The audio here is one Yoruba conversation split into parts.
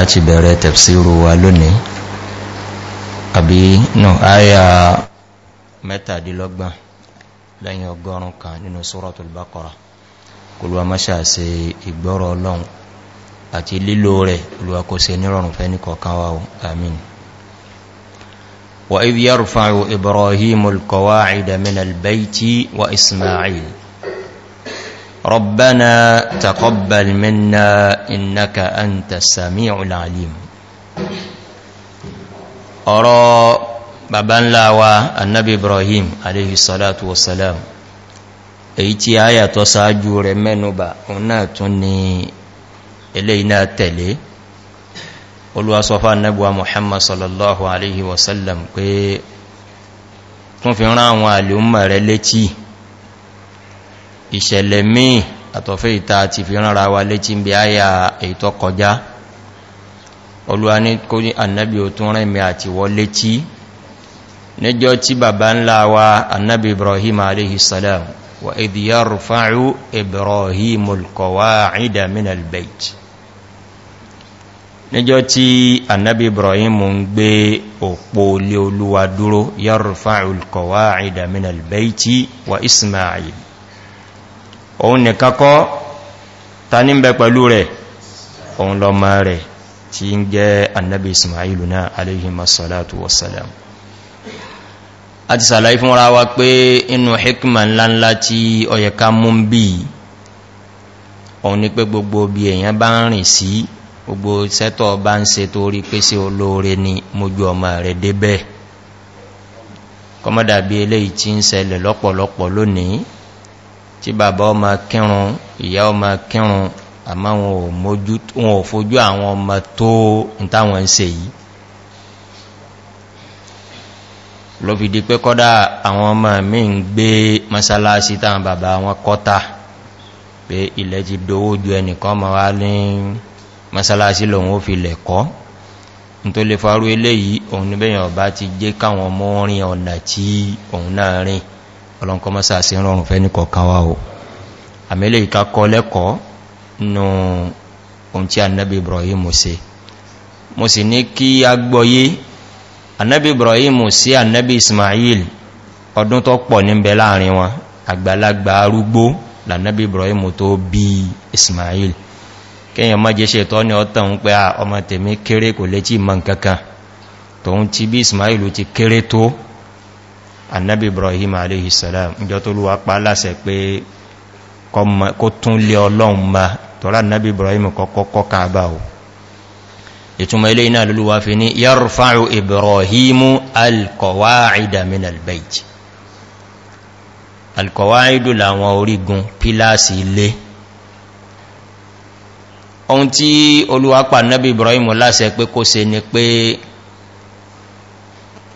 a ti bẹ̀rẹ̀ tẹ̀fṣíru wa lónìí àbí nù áyà mẹ́tàdínlọ́gbọ̀n lẹ́yìn ọgọ́rùn kan nínú suratul baqara kòlúwa mọ́ṣà sí ìgbọ́rọ̀ ọlọ́run àti lílò rẹ̀ olúwa kò se nírọ̀rùn fẹ́ ní kọ̀ọ̀kan wa amin wa idh yarfa'u ibrahimul qawa'ida min al wa isma'il ربنا تقبل منا إنك أنت السميع العليم أرى بابا لاوى النبي إبراهيم عليه الصلاة والسلام ايتي آية تساجو رمينوبا وناتني إلينا تلي olúwasọ́fà nẹ́bùwa muhammad sallallahu alaihi wasallam pé tún fi rán àwọn àlè ìṣẹ̀lẹ̀ míì àtọ̀fẹ́ ìta ti fi rán ara wa létí ń bí áyà ètò kọjá olúwa ní kó ní annabi ò tún rẹ̀mẹ́ àti wọ létí níjọ́ tí bàbá ńlá wa annabi ibrahim aléhìsàlám wa ìdíyà rufa'u ibrahim olkọwa ìdá minal bait níjọ́ tí annabi ibrahim ń gbé òpó olúwa dúró yà rufa'u olkọwa ìdá minal bait wa ismail òun nìkan kọ́ ta ní bẹ pẹ̀lú rẹ̀ òun lọ ma rẹ̀ tí ń jẹ́ annabi ismailu náà aléhì masalatu wasalam a ti sàlàyé fún ra wa pé inú hikma ńláńlá tí ọyẹ̀ká mú bí òun ni pé gbogbo bí èyàn bá ń rìn sí gbogbo sẹ́tọ̀ bá ń se torí pé sí olóore ni mojú ọmọ rẹ̀ débẹ̀ kọmọ́dàbí eléyìí tí ń sẹlẹ̀ lọ́pọ̀lọpọ̀ lónìí tí bàbá ọmọ kírun ìyá ọmọ kírun àmá wọn ò fojú àwọn ọmọ tó ń táwọn ń se yìí ló fi di pé kọ́dá àwọn ọmọ mi ń gbé masalasi táwọn bàbá wọn kọ́ta pé ilẹ̀ ti dówó ju ẹnìkan ma wá ní masalasi lòun ó fi lẹ̀ kọ́ n tó lè farú eléyìí òun níbẹ̀yàn ọba ti jẹ́ káwọn ọmọ ọ̀nà tí òun náà rìn ọlọ́nkọ́ mọ́sá sí rọrùn fẹ́ ní kọ̀ọ̀kan wá o àmìlẹ̀ ìkakọ́ lẹ́kọ̀ọ́ nù ohun tí annabi ibrahim se mo sì ní kí a gbọ́yé annabi ibrahim sí annabi ismail ọdún tó pọ̀ níbẹ̀ láàrin wọn àgbàlagbà arúgbó lànàbí ibrahim tó bí ismail kíyàn má jẹ́ ṣe tọ́ ní ọ̀tàn pé ọmọ tèmi kéré kò lè tí mọ́ nkankan tòun ti bí ismail ti kéré tó annabi ibrahim aleyhisselam ìjọ tó lúwa pa aláṣẹ pé kó tún lé ọlọ́run ma tọ́lá annabi ibrahim kọ́kọ́ kọ́ka bá o ìtumọ̀ ilé iná lúwa fi ní yarfa'u ibrahim alkọwàáìdà min albayt alkọwàáìdù làwọn orígun pílásì ilé ohun tí olúwa pa annabi ibrahim láṣẹ pé kó se ni pé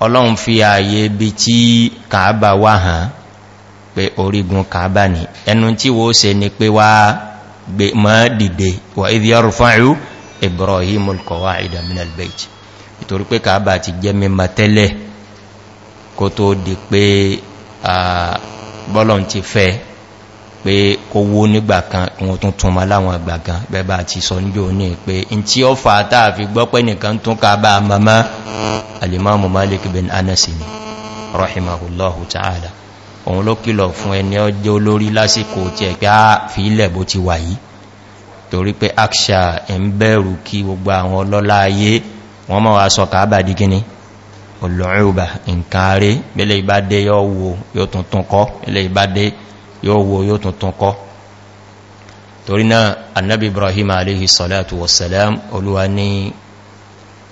ọlọ́run fi ààyè ibi tí kàábà wà hàn pé orígun kàábà ní ẹnu tí wó se ni pé wá gbé mọ́ dìde wà ìdí ọrù fáìrú ibrahim olkọwa idaminal bait ìtorí pé kàábà ti jẹ́ mímọ̀ tẹ́lẹ̀ kó tó di pé bọ́lọ̀n ti fẹ́ pé kówó nígbà kan wọn tún tún ma láwọn àgbà kan bẹ́bà ti sọ níjò ní pé in tí ó fa táà fi gbọ́pẹ́ nìkan tún ká bá mamá alimamu malik bin anasi ni rahimahullahu ta'ala òun ló kìlọ̀ fún ẹni ọjọ́ olórí lásìkò tí ẹ̀pẹ́ á fi ilẹ̀ bó ti wà yìí torí pé aksha ń bẹ̀rù kí gbogbo àwọn ọlọ́lá ayé wọ́n mọ́ wa sọ kàábà dí gíní olóòrùbà nǹkan rí bẹ́lẹ̀ ìbádé yóò wo yóò tuntun kọ́ bẹ́lẹ̀ ìbádé yóò wo yóò tuntun kọ́ torí náà annabi ibrahim aléhì salatu wasalam olúwa ní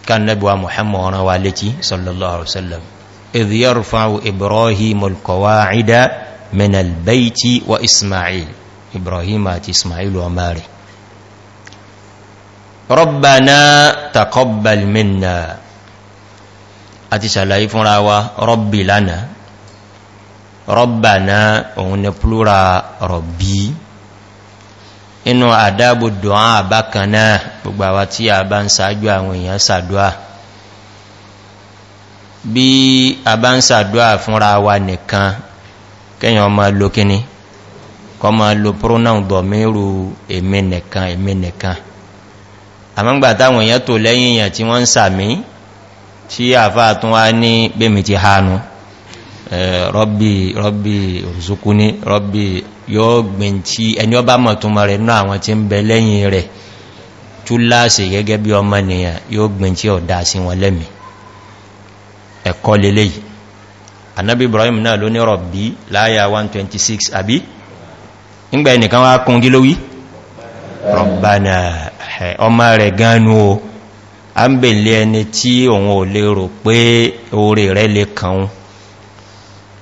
kánnabuwa muhammad ọ̀rán wa létí sallallahu alaihi wasallam idiyar fa'u ibrahim alkawa'ida min albaiti wa ismail ibrahim àti ismail wa mari rọ́bàná takọ́bàl minna àti sàlàyé fúnra wa rọ́bì lánàá rọ́bàná òun ni plúra rọ̀bí inú àdábò dùn àbákaná gbogbo àwá tí a bá ń sáájú àwọn èèyàn sàdúà bí a bá ń sàdúà fúnra wa nìkan kẹ́yàn ọmọ lo kíní kọ ma lo pronoun dọ̀míru èmì nìkan èmì nìkan àmọ́gbà táwọn èèyàn tó lẹ́yìn èèyàn tí wọ́n ń sàmí tí àfáà tún wá ní gbèmì ti rọ́bí rọ́bí òsùkú ní rọ́bí yóò gbìn tí ẹni ọba mọ̀ rẹ̀ náà àwọn tí ń bẹ lẹ́yìn rẹ̀ túláàsì gẹ́gẹ́ bí ọmọ nìyàn yóò gbìn tí ọ̀dá lẹ́mì ẹ̀kọ́ lélẹ̀ yìí ibrahim rọ̀bí 126 àbí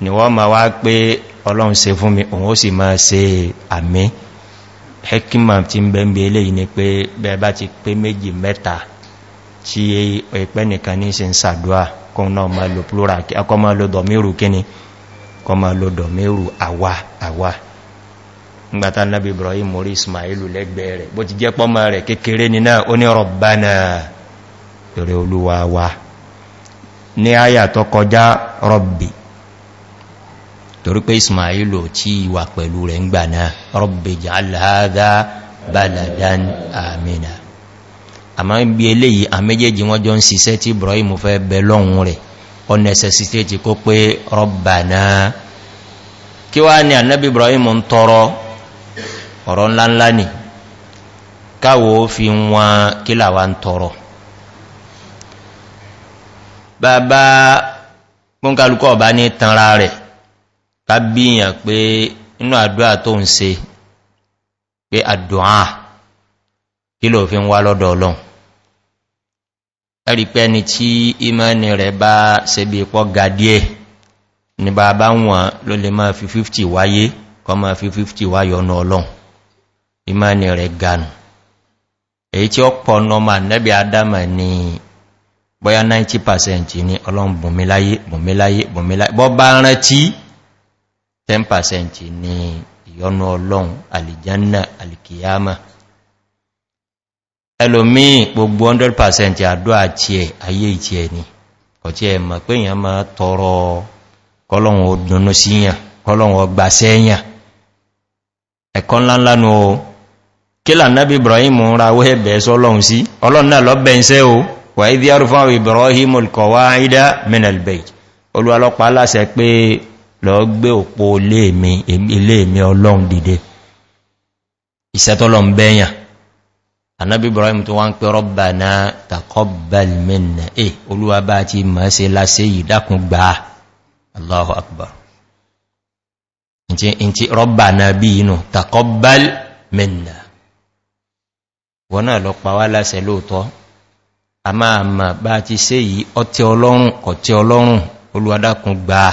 ni wọ́n ma wá pé ọlọ́run se fún mi òun ó sì máa se àmì hekima ti ń bẹ̀m̀bẹ̀ eléyìí ni pé bẹ̀ẹ̀bá ti pé méjì mẹ́ta tí ẹ̀pẹ́ nìkan ní sí ń sàdúà kún náà ma lo plural akọ́ ma lo dọ̀míru kíni kọ́ ma lo dọ̀míru àwà àwà ngbàtà ibrahim orí ismailu lẹ́gbẹ̀ẹ́ rẹ̀ bó ti jẹ́ pọ́mọ rẹ̀ kékeré ni náà ó ní rọ̀bánà èrè olúwa wa ní àyà tó kọjá rọ̀bì torí pé ismailu tí ìwà pẹ̀lú rẹ̀ ń gbà náà rọ́bì jàlàádá baladan amina a ma ń bí eléyìí a méjèèjì wọ́n jọ ń siṣẹ́ tí ibrahim fẹ́ bẹ lọ́hun rẹ̀ ọ nẹ́sẹsité ti kó pé rọ́bà náà kí wá ní ni tanra rẹ̀ kábíyàn pé inú àdúrà tó ń se pé àdùá kí ló fi ń wá lọ́dọ̀ ọlọ́run ẹ̀rí pé ẹni tí ìmọ́ni rẹ̀ bá se bí pọ́ ga díẹ̀ ní bá bá wọn ló lè máa fi 50 wáyé kọ máa fi 50 wáyé ọ̀nà ọlọ́run ìmọ́ni rẹ̀ ganù èyí tí ó pọ̀ nọmà nẹ́bí adama ni bọ́yá 90% ní ọlọ́run bùnmíláyé bùnmíláyé bùnmíláyé bọ́ bá rántí 10% ni ìyọnu ọlọ́run alìjánà alìkìyàmà ẹlòmí gbogbo 100% àdó àti ẹ̀ ayé ìtì ẹ̀ ni ọ̀tí ẹ̀ mọ̀ pé èyàn máa tọrọ kọlọ̀wọ̀n òdùnnú síyàn kọlọ̀wọ̀n ọgbà sẹ́yàn ẹ̀kọ́ ńláńlánú o kí lànábí ibrahim ń ra wẹ́ẹ̀bẹ̀ sọ́lọ́run sí ọlọ́run náà lọ́bẹ̀ iṣẹ́ o ida menelbeit olúwalọ́pàá aláṣẹ pé lọ gbé òpó ilé mi ọlọ́run dìde ìṣẹ́tọ́lọ́n bẹ́yàn anábí ibrahim tó wọ́n ń pẹ́ rọ́bà náà takọ́bàlmẹ́nà eh olúwa bá ti máa se lásé yìí dákùn gbà allahu akbar inti rọ́bà náà bí inú takọ́bàlmẹ́nà wọ́n náà lọ pa wá lásẹ̀ lóòtọ́ a máa mà bá ti sé yìí ọtí ọlọ́run kọ̀tí ọlọ́run olúwa dákùn gbàá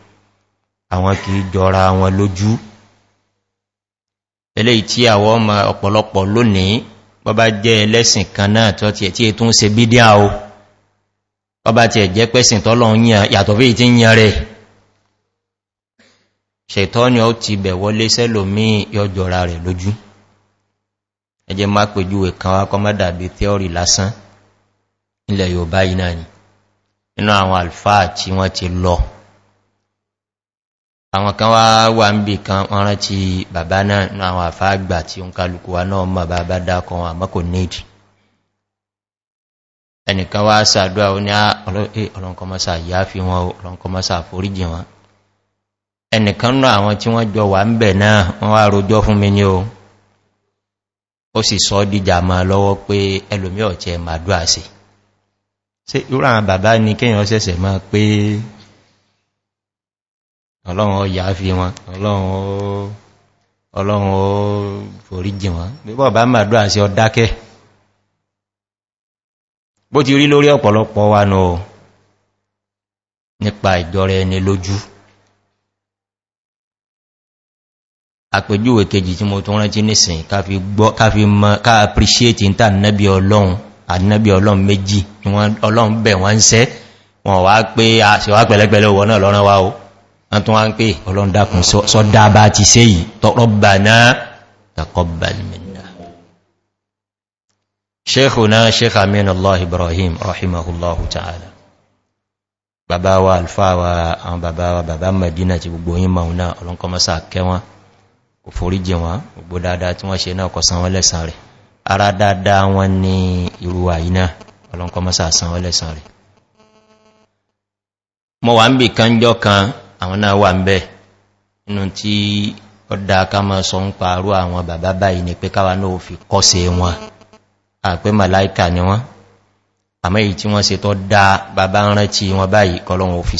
àwọn kìí jọra wọn lójú eléyìí tí àwọn ọmọ ọ̀pọ̀lọpọ̀ lónìí bọ́bá jẹ́ ẹlẹ́sìn kan náà tó ti ẹ̀tí ètò ń se bídíà o bọ́bá ti ẹ̀jẹ́ pẹ́sìn tọ́lọ yàtọ̀ fí ti ń yan rẹ̀ ṣètọ́ni ó ti bẹ̀ wọlé sẹ́lòmí ni nínú àwọn àlfáà tí wọ́n ti lọ àwọn kan wá wà ń bè kan wọ́n rántí bàbá náà ní àwọn àfáàgbà tí ó ń kálukú wa náà mọ̀ bàbá dákan wọn àmọ́kò need ẹnìkan wá sàdúwà ó ní ah, ọlọ́nkọmọ́sà eh, yá fi wọn ọlọ́nkọmọ́sà wọn jọ mi o sọ ma ọlọ́run ó yà fi wọn ọlọ́run ó forí jì wọn bíbọ̀ bá máa dúrà sí ọdákẹ́ bó ti rí lórí ọ̀pọ̀lọpọ̀ wa nù ọ nípa ìjọrẹ ẹni lójú àpèjúwe kejì tí mo tún rántí nìsìn ká fi mọ́ ká appreciate ní tàbí ọlọ́run àdínábí ọlọ́run méjì ọlọ́run bẹ̀ wọ́n ń sẹ́ wọn wá pé àṣíwá pẹ̀lẹ́pẹ̀lẹ́ owó náà lọ́rán wá o àtún wá ń pè ọlọ́ndàkùn sọ́dá bá ti sé yìí tọ́rọ bà náà takọ́bà nìmìnà ṣéhù náà ṣéhà amin allah ibrahim rahimahullahu ta'ala bàbá wa alfáwa àwọn bàbá wa bàbá madina ti gbogbo yí ma náà ọlọ́nkọmọ́sà kẹwọn kò foríjì wọn gbogbo dáadáa tí wọ́n ṣe náà kọsán wọn lẹ́sàn rẹ̀ ara dáadáa wọn ní ìrúwà yìí náà ọlọ́nkọmọ́sà lẹ́sàn rẹ̀ mọ́ wà ń bì kan jọ kan àwọn náà wà ń bẹ́ inú tí ọdá ká mọ́ sọ ń parú àwọn bàbá báyìí ni pé káwà náà fi kọ́sẹ̀ wọn àpé màláìkà ni wọ́n àmọ́ èyí tí wọ́n se tọ́ dá bàbá rántí wọn báyìí kọlọ́wọ́n ò fi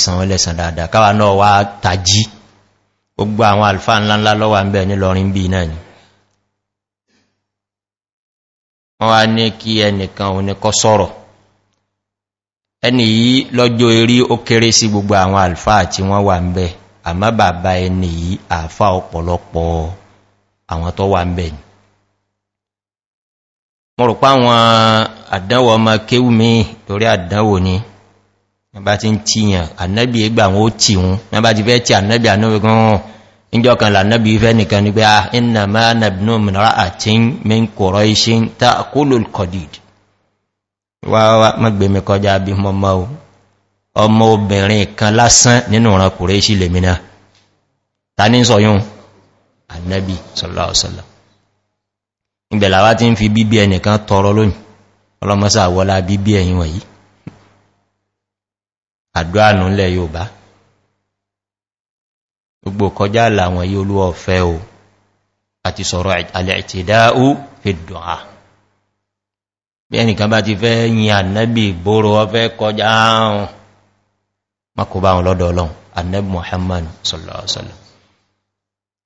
ni wọ́n wá ní kí ẹni yìí lọ́jọ́ erí ó kéré sí gbogbo àwọn alfáà tí wọ́n wà ń bẹ àmá bàbá ẹni yìí àfá ọ̀pọ̀lọpọ̀ àwọn tó wà ń bẹ ni mo rò páwọn àdánwò ọmọ kéwù mi torí àdánwò ni nígbà tí ń tíyàn ànẹ́bì ìgbà wọn ó tì wọn nígbà ti fẹ́ tí ànẹ́bì ànẹ́bì gan wọn ìjọ kan lànẹ́bì ìfẹ́ nìkan ní pé ah iná máa nàbìnú mìíràn àti mẹ́kọ̀ọ́rọ̀ iṣẹ́ tá kólòlù kọ̀dìdì wá mọ́gbèmí kọjá bí mọ́mọ́ o ọmọ obìnrin kan lásán nínú ọ̀ràn kùrẹ́ sí lè mìíràn ta ní sọ yún annabi sọ́lọ́ọ̀sọ́lọ́ ìgbẹ̀láwá tí ń fi bíbí ẹnìkan tọrọ lónìí ọlọ́mọ́sá wọlá bíbí ẹ̀yìn wọ̀nyí àdúránù lẹ̀ yóòbá gbogbo kọjá làwọn yí olúọ̀fẹ́ o àti sọ̀rọ̀ alẹ́ ìtìdáú fi dùn bí ẹnìkan bá ti fẹ́ yin annabi gbóòrò ọfẹ́ kọjá ààrùn makọba àwọn lọ́dọ̀ ọlọ́run annabi muhammad sọ̀lọ̀ọ̀sọ̀lọ̀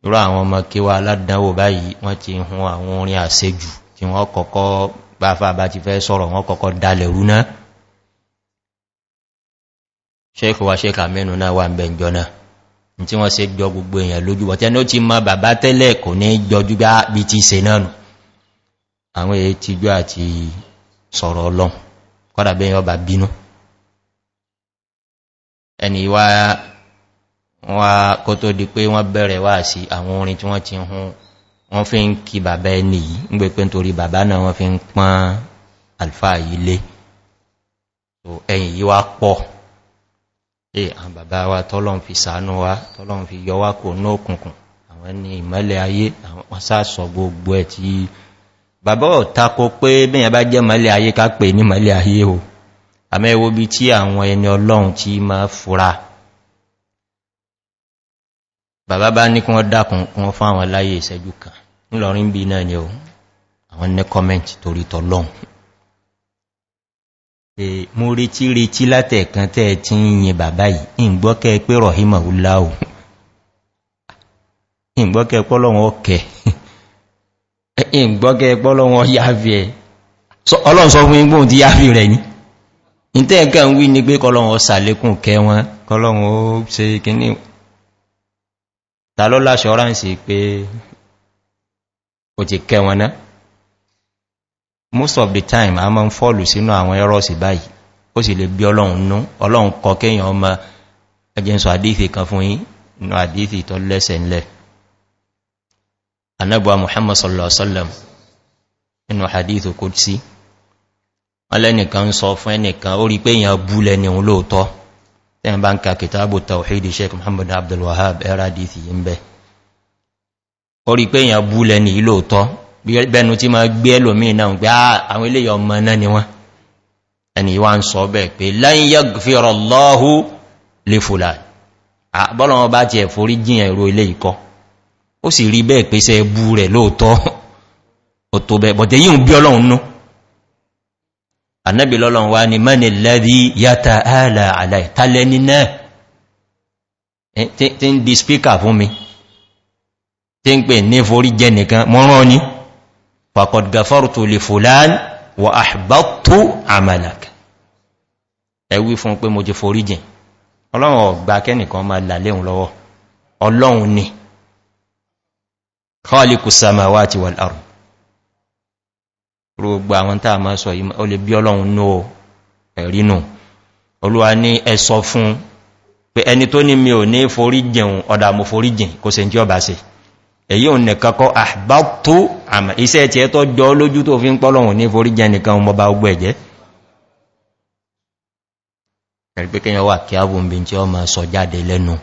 irú àwọn ọmọ kíwà aládánwò báyìí wọ́n ti hun àwọn orin àṣejù tí wọ́n kọ́kọ́ báfà bá ti fẹ́ sọ̀rọ̀ wọ́n kọ́kọ́ dalẹ̀ rúná ṣeéfù wa ṣe kàmínú náà wà ń bẹ̀ jọ náà tí wọ́n se jọ gbogbo èèyàn lójú wọ̀tẹ́ ní ti ma bàbá tẹ́lẹ̀ kò ní jọjú bá bí ti se náà nù àwọn èyí ti jọ àti sọ̀rọ̀ ọlọ́run kọ́dà bẹ́ yọ bà bínú ẹni wá wá kó tó di pé wọ́n bẹ̀rẹ̀ wá sí àwọn orin tí wọ́n ti hun wọ́n fi ń kí bàbá ẹni yìí ń gbé pé nítorí bàbá náà wọ́n fi ń pán alfa yìí lé ẹ̀yìn yìí wá pọ̀ eh àwọn bàbá wa tọ́lọ́n fi sàánú wa tọ́lọ́n fi yọ wá kò bàbá ọ̀tako pé bẹ́yàn bá jẹ́ mọ́lẹ̀ ayé ká pè ní mọ́lẹ̀ ayé o àmẹ́wò bí tí àwọn ẹni ọlọ́run tí ma fura bàbá bá ní kí wọ́n dákùn kún fún àwọn láyé ìṣẹ́jú kan nílọrin bí náà ni o àwọn ní kọ́mẹ̀ntì torí tọ́lọ́run mo retí retí látẹ̀kan tẹ́ tí ń yin bàbá ẹ̀yìn gbọ́gẹ́ pọ́lọ́wọ́n yáàfi ẹ̀ ọlọ́run sọ fún igbóhun ti yáàfi rẹ̀ ní ìtẹ́ ń wí ní pé kọlọ́run ọ kẹ wọn kọlọ́run ó ṣe kìíní tàlọ́lá ṣọ́ránsì pé o ti kẹ wọn náà most of the time a máa ń fọ́ọ̀lù sínú àwọn ẹrọ́sì báyìí ó sì lè bí ọlọ́run nú ọlọ́run kọ kéèyàn ọmọ ẹjẹ́ ń sọ àdíìtì kan fún yí inú àdíìtì anábuwa muhammad sallallahu ala'uwa inú hadithu kò sí alẹ́nìkan sọ fún ẹnìkan ó rí pé èyàn búlẹ̀ ní òun lóòtọ́ tẹ́yìn bá ń ka kìtàbù tàwíìdì sheik muhammad abdulwahab ẹra dìtì yí ń bẹ́ ó rí pé èyàn búlẹ̀ ní ìlóòtọ́ bẹ́nu tí ma gbé ẹlòmí náà gbé àwọn ilé ọmọ náà ni wọ́n ẹni wá ń sọ ó sì rí bẹ́ẹ̀ pèsè ẹbú rẹ̀ lóòtọ́ ọ̀tọ̀ bẹ̀ bọ̀tẹ̀ yíò bí ọlọ́run nú annabi lọ́lọ́run wá ní mẹ́ni lẹ́rí yàtà ààlà àlà ìtàlẹ́ ní náà tí ń di spíkà fún mi tí ń pè ní forí jẹ nìkan mọ́rán ní pàkọ̀d gafartu lè fòlán wà àbátó àmàlàk ẹwí fún pé mo jẹ forí jẹ ọlọ́run ọ̀gbà kẹ́nìkan máa làlẹ́ ọlọ́run ni kọ́líkù samáwá ti wà l'áàrùn gbogbo àwọn tàà máa sọ yìí o lè bí ọlọ́run ní ẹ̀rínù olúwa ní ẹsọ fún pé ẹni tó ní mi ò ní forí jẹun ọ̀dà mo forí jìn kó se jí ọba sí èyí ò nìkan kọ́ àbátó àmà iṣẹ́ ti ẹ́tọ́ jọ lójú tó fi ń pọ́lọ̀hùn ní forí jẹ nìkan ọmọ bá gbọ́ ẹ̀jẹ́ ẹ̀rìpé kíyàn wà kí ábùnbin tí ọ ma sọ jáde lẹ́nu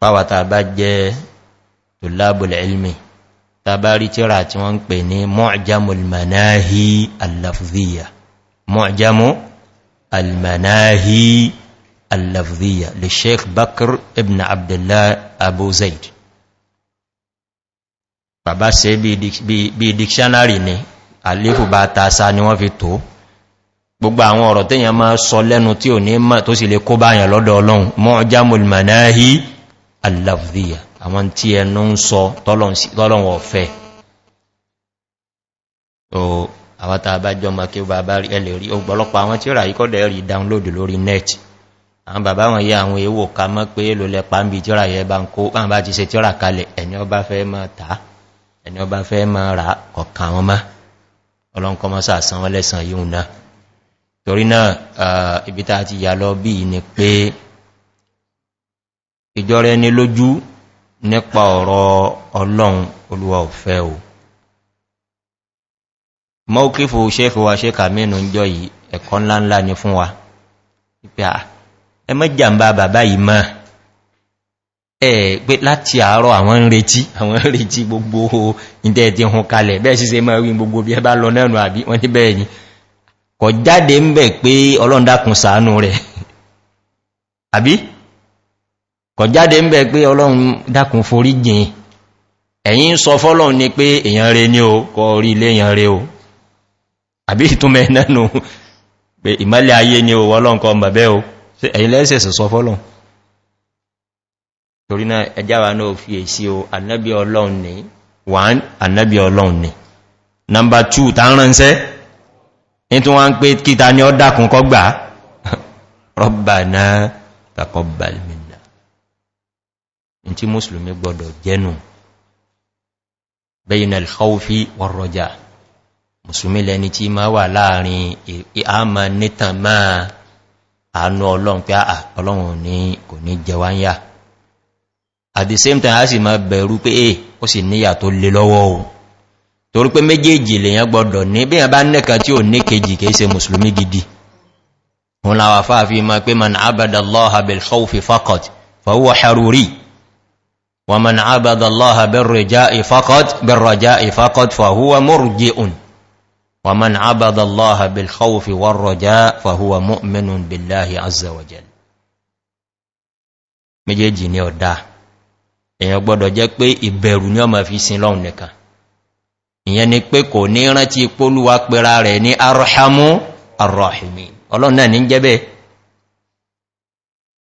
fáwàtà bá jẹ́ tó lábùl ilmi tàbárí tíra tí wọ́n ń pè ní mọ́jámul manáhí al-lafziya mọ́jámù al-manáhí al-lafziya lè sheikh bakr ibn abdullah abu zaid bàbá se bí dictionary ni àléfù bá tàṣà ni wọ́n fi tó gbogbo àwọn ọ̀rọ̀ tẹ́yàn máa sọ lẹ́nu tí ò ní mọ́ tó sì lè kó báyàn lọ́dọ̀ ọlọ́run mọ́jámul manáhí al àwọn tí ẹnu ń sọ tọ́lọ̀wọ̀ fẹ́ o àwátà àbájọ́ ma kí o bàbá rí ẹlẹ̀ rí ọgbọ̀lọpọ̀ àwọn tí ó rà ikọ́dẹ̀ rí download lórí net àwọn bàbá wọn yí àwọn èwò ká mọ́ pé ló lẹ pàmbí tí ó bá ń kó bá ti se tí ó rà kalẹ̀ ẹni ọba fẹ́ mọ́ ta ẹni ọba fẹ́ mọ́ rà ọ̀kan wọn má ọlọ́nkọ́ mọ́ sàsán wọn lẹ́sàn yíò ni pé ìjọ ni lójú nípa ọ̀rọ̀ ọlọ́run olúwa òfẹ́ o mọ́kífò ṣéfò wa ṣe kàmínú ń jọ yìí ẹ̀kọ́ ńláńlá ni fún wa pípẹ́ à ẹ mọ́jàmbá bàbá yìí mọ́ ẹ̀ pé láti àárọ̀ àwọn ń retí àwọn ń retí gbogbo ìdẹ́ hun kalẹ̀ bẹ́ẹ̀ sí se mọ́ rí gbogbo bí ẹ bá lọ nẹ́nu àbí wọ́n ní bẹ́ẹ̀ ni kọ̀ jáde ń bẹ̀ pé ọlọ́ndàkùn sàánú rẹ̀ àbí kọ̀ jáde ń pé ọlọ́run dákùn forí jìn ẹ̀yìn sọ fọ́lọ́run ni pé èyàn re ní o kọ orí ilé èyàn re o àbí ìtúnmẹ̀ nánú pé ìmọ́lẹ̀ ayé ni o ọlọ́run kọ mọ̀bẹ́ o ẹ̀yìn lẹ́sẹ̀sẹ̀ sọ fọ́lọ́run rọ́bà tí mùsùlùmí gbọdọ̀ jẹnu bẹ́yìn alkhaufi wọ́rọ̀já mùsùlùmí lẹni tí ma wà láàrin àmà nítàn máa àánú ọlọ́run pé àà ọlọ́run ní kò ní jẹwáyà at the same time a sì ma bẹ̀rú pé è ó sì níyà tó lè lọ́wọ́ o torí pé méjèèjì lèyàn gbọdọ̀ ní bí i bá nẹ́kan tí ò ní kejì kìí se mùsùlùmí gidi wọn láwà fáàfí ma pé man abadallah abel khawfi fakot fawọ́ haruri ومن عبد الله بالرجاء فقط بالرجاء فقط فهو مرجئ ومن عبد الله بالخوف والرجاء فهو مؤمن بالله عز وجل méjèèjì ni ọ̀dá èyàn gbọ́dọ̀ jẹ́ pé ìbẹ̀rù ní ọmọ fi sin lọ́un nìkan ìyẹn ni pé kò ní rántí polúwa pẹ̀ra rẹ̀ ní arhamu arrahimi ọlọ́nà ní jẹ́bẹ̀ẹ́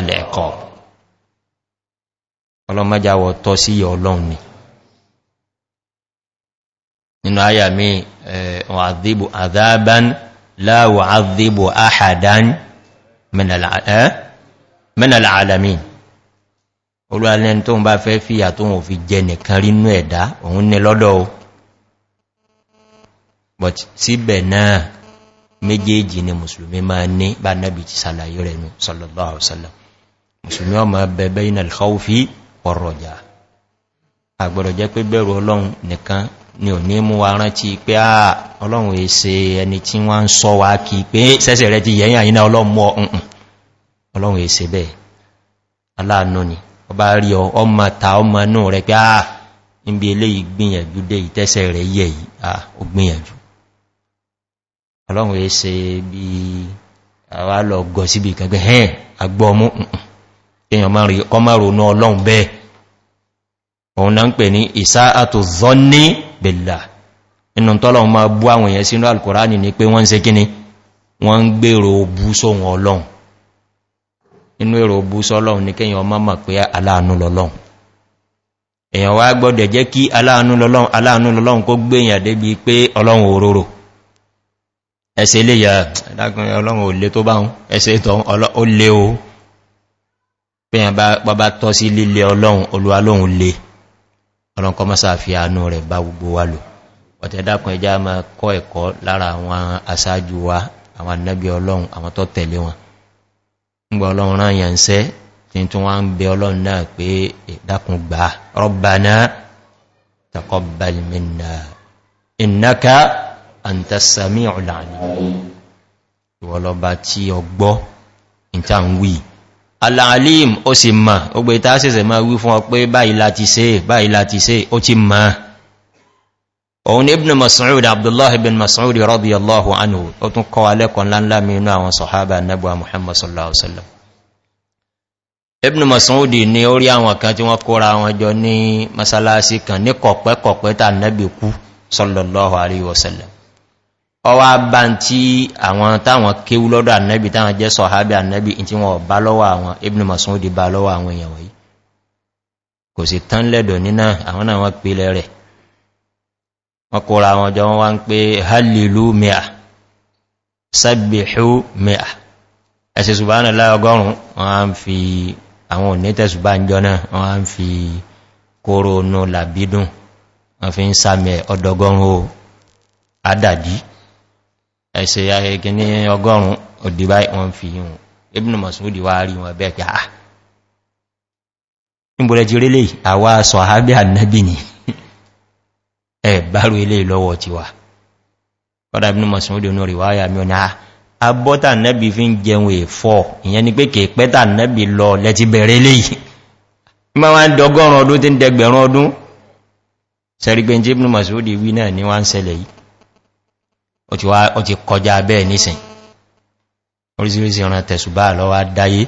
alẹ́ẹ̀kọ́ ọlọ́mọ́jáwọ̀ tọ́ sí yẹ ọlọ́run ni nínú àyà mi wàdíbò àdábán láwọ̀ àdíbò àhàdán mẹ́nàlá alamin olúwalẹ́n tó ń bá fẹ́ fíyà tó wọ́n fi jẹ nìkan rínú ẹ̀dá òun ní lọ́dọ̀ o but síbẹ̀ náà méjèèjì ni musulmi máa ní bá nábi ti sàlàyé rẹ̀ nù sọ̀lọ̀lọ́ mùsùlùmí ọmọ bẹ̀bẹ̀ iná ìkọ́wọ́fí ọ̀rọ̀jà àgbọ̀rọ̀ jẹ́ pé bẹ̀rù ọlọ́run nìkan ni ò ní mú wa rántí pé á ọlọ́run èsè ẹni tí wọ́n ń sọ wá kí pé sẹ́sẹ̀ rẹ ti yẹ̀yìn àyíná ọlọ́run èsè bẹ́ẹ̀ aláàánú ni ọba rí ọmọ ta ọmọ inú rẹ pé á níbi àwálọ̀ gọ̀ síbi ìkẹgbẹ̀ hẹ́n agbọ́mú nǹkan èyàn máa rí kọmọ̀rò ní ọlọ́run bẹ́ẹ̀ òun náà ń pè ní ìsá àtò zọ́ní bèlà inú tọ́lọ̀ máa bú àwọn èèyàn sínú alkùránì ní pé wọ́n ń se kíní wọ́n ń gbèrò bú sóhun ọlọ́run inú èrò bú sọ́lọ́run ní kíyàn ọmọ mọ̀ pé aláàánú lọ́lọ́run èèyàn wá ilé yà ẹ̀dágun ọlọ́run ò lé tó báhun ẹ̀sẹ̀ ìtọ̀ ó lé o pẹ̀yàn bàbá tọ́ sí lílẹ̀ ọlọ́run olúwa lóhun lè ọlọ́run kọ mọ́sá fi àánú rẹ̀ bá gbogbo wa lò ọ̀tẹ̀dàkùn ẹjá ma kọ́ ẹ̀kọ́ lára àwọn asájú wa àwọn annabi ọlọ́run àwọn tọ́ tẹ̀lé wọn ngbà ọlọ́run rán yà ń tí ọgbọ́ ìta ń wíì al'alim ó sì mọ̀ ó gbé ìta sẹ̀sẹ̀ máa wí fún ọ pé báyìí láti ṣe báyìí láti ṣe ó ti mọ̀ òun ibn masoud abdullahi ibn masoud radiyallahu anhu ó tún kọ́ alẹ́kọ̀ọ́ ńláńlá mínú àwọn sọ̀hábà nẹ́bùwa muhammad sallallahu alaihi wasallam ibn masoud ni ó rí àwọn sallallahu alaihi wasallam ọwá bá ń tí àwọn táwọn kéwú lọ́dọ̀ annabi táwọn jẹ́ sọ̀hábẹ̀ annabi in tí wọ́n bá lọ́wọ́ àwọn ibn masoud bá lọ́wọ́ àwọn èèyàn wọ̀nyí kò sì tán lẹ́dọ̀ nínà àwọn náà wọ́n pèlẹ̀ rẹ̀ wọ́n kóra àwọn ọjọ́ wọ́n wá ń pé halilu mea sabihu ẹ̀ṣẹ̀ ayẹgẹ ní ọgọ́rùn òdìbá wọn fi yíò ibn masudi wá rí wọn bẹ́ẹ̀ pé àà ah, níbòlẹ̀ jí orílẹ̀ àwá sọ̀hábí annabi ni ẹ bárú ilé lọ́wọ́ ti wà kọ́dá ibn masudi ní orí wáyà mi ọ̀nà ah, abọ́ta annabi fi ń jẹun èfọ́ ìyẹn ni pé kè pẹ́ta lọ lẹ́ti bẹ̀rẹ̀ léyìí ma wá ń dọgọ́rùn ọdún tí ń dẹgbẹ̀rún ọdún sẹ́rígbẹ̀ jí ibn masudi wí náà ni wá ń sẹlẹ̀ yìí ó ti kọjá bẹ́ẹ̀ nísìn orísìírísìí ọ̀ràn tẹ̀sùbá lọ́wọ́ dáyé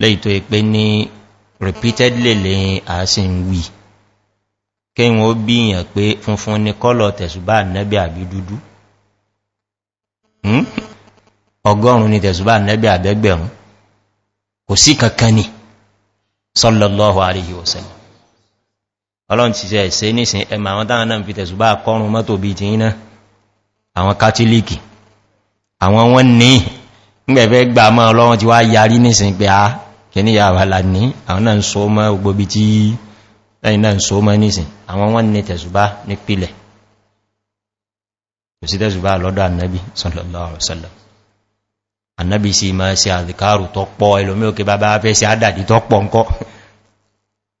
lẹ́yìn tó pé ní repeated lèlè àásìn wì kí wọ́n bíyàn pé funfun ní kọ́lọ̀ tẹ̀sùbá nẹ́bí àbí dúdú hmm? ọgọ́rùn ni tẹ̀sùbá nẹ́bí àbẹ́gbẹ̀rún kò sí kankan ni sallallahu alaihi wasallam ọlọ́run ti ṣe ẹ̀ṣẹ́ nísìn ẹmà àwọn dáwọn náà fi tẹ̀sùbá kọrùn mọ́tò bí ti iná àwọn kátólíkì àwọn wọ́n ní gbẹ̀fẹ́ gbà mọ́ ọlọ́run ti wá yarí nísìn pé a kìní yàwà là ní àwọn náà ń so mọ́ gbogbo bí tí lẹ́yìn náà ń so mọ́ nísìn àwọn wọ́n ní tẹ̀sùbá ní pílẹ̀ kò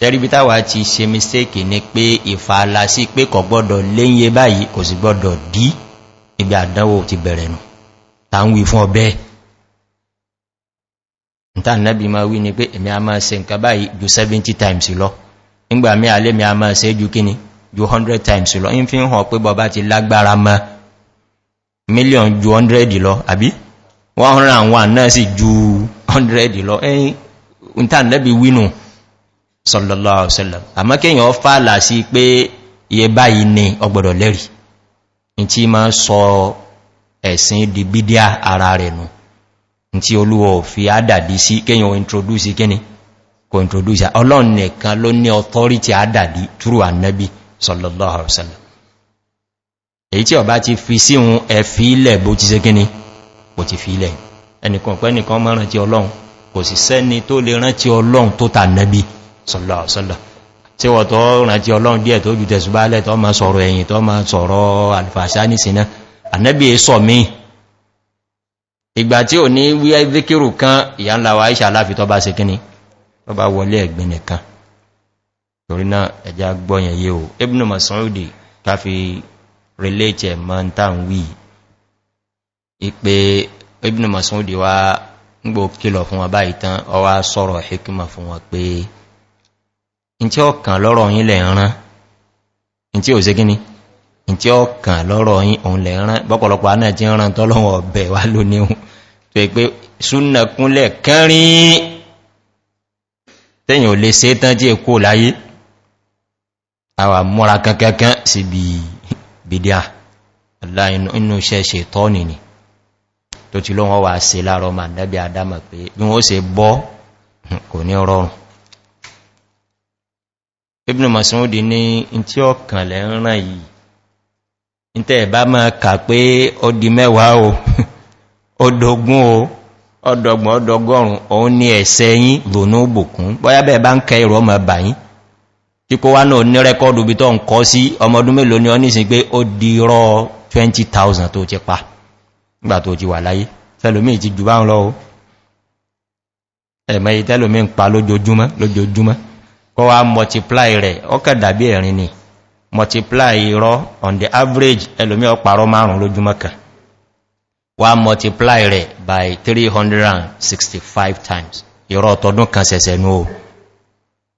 sẹ́ríbítà wà ti ṣe mistake ni pé ìfààlà sí pé kọ̀ gbọ́dọ̀ léyìn báyìí kò sì gbọ́dọ̀ dí ibi àdánwò ti bẹ̀rẹ̀ nù ta fún ọbẹ́ ìta nẹ́bí ma wí ni pé èmi a máa se nǹkan báyìí ju 70 times lọ nígbà mí alẹ́ mi a máa se ju kíni ju 100 times lọ in fi ń hàn pé bọba ti lágbára mọ́ mílíọ̀n ju 100 lọ àbí 101 náà sì ju 100 lọ ẹ̀yìn ìta nẹ́bí wínú no sallallahu alaihi wasallam àmọ́ kéèyàn fààlà sí pé iye báyìí ni ọgbọ̀dọ̀ lẹ́rì in tí ma sọ ẹ̀sìn di bídíà ara rẹ̀ nù in tí olúwọ̀ fi àdàdì sí kéèyàn introduce kíni kò introduce ọlọ́run nìkan ló ní authority àdàdì through annabi sallallahu alaihi wasallam èyí tí ọba ti fi síhun ẹ̀fí ilẹ̀ bó ti ṣe kíni bó ti fi ilẹ̀ ẹnìkan pẹ́ nìkan mọ́ràn ti ọlọ́run kò sì sọ̀lọ̀sọ̀lọ̀ tí wọ́n tó rántí ọlọ́run díẹ̀ tó jù tẹ̀sù bálẹ̀ tó ma sọ̀rọ̀ ẹ̀yìn tó ma sọ̀rọ̀ alfàṣà ní síná ànẹ́bí sọ mí ìgbà tí ò ní wí ẹ́díkìrù kan ìyá ńlá wa iṣẹ́ aláfi tó bá se kíní tó bá wọlé ẹ̀gbìn nìkan torí náà ẹja gbọ́yàn yé o ibn masoudi káfi relate ẹ̀ ma ń tàn wí ipe ibn masoudi wa ń gbò kílọ̀ fún wa báyìí tán ọwá sọ̀rọ̀ hikima fún wa pé in tí lọ́rọ̀ yín lẹ̀ rán in tí ó gíní in tí lọ́rọ̀ yín òun lẹ̀ rán bọ́pọ̀lọpọ̀ aná jí rán tọ́lọ́wọ̀ ọ̀bẹ̀ wá lóníhun tó tó ti lọ́wọ́ wà sí láàrọ̀ màdábí adámà pé bí wọ́n ó se bọ́ kò ní rọrùn ibn masoudi ní tí ó kànlẹ̀ ń ràn yìí ní tẹ́ bá máa kà pé ó di mẹ́wàá o ọdọ̀gún o ọdọ̀gbọ̀n ọdọ̀gọ́rùn òun ni ẹ̀ṣẹ̀ yín lónú òbòkún bọ́yá bẹ́ẹ̀ bá ń kẹ ìrọ̀ ọmọ bà yín tí kó wá náà ní rẹ́kọ́ọ̀dù bí tó ń kọ́ ni ọ ní sin pé ó di rọ 20,000 tó ti pa nígbà tó ti wà láyé tẹ́lómí ti jù bá ń lọ́wọ́ ẹ̀mẹ́ tẹ́lómí ń pa lójoojúmọ́ lójoojúmọ́ kọ́ wá multiply rẹ̀ ọkà dàbí ẹ̀rin ni multiply irọ́ on the average ẹlòmí ọparọ́ márùn lójúmọ́kà wá multiply rẹ̀ by 365 times irọ́ ọ̀tọ̀dún kan sẹ̀sẹ̀ ní o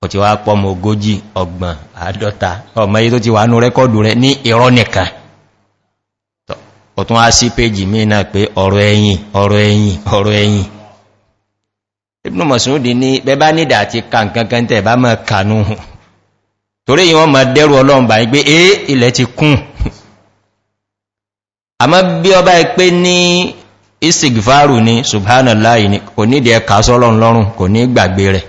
o ti wá pọ́ mọ ogójì ọgbọ̀n àádọ́ta ọmọ yí tó ti wà ní rẹ́kọ́dù rẹ̀ ní irọ́ nìkan ọ̀tún á sí péjì mí náà pé ọ̀rọ̀ ẹ̀yìn ọ̀rọ̀ ẹ̀yìn ọ̀rọ̀ ẹ̀yìn ibn masudi ni bẹba nídà àti kankankan tẹ̀ bá mọ́ kanú torí yí wọ́n ma dẹ́rù ọlọ́mbà gbé é ilẹ̀ ti kún àmọ́ bí ọba pé ní isigfaru ni subhanallah ni kò ní ìdí ẹka sọ́lọ́run lọ́rùn kò ní gbàgbé rẹ̀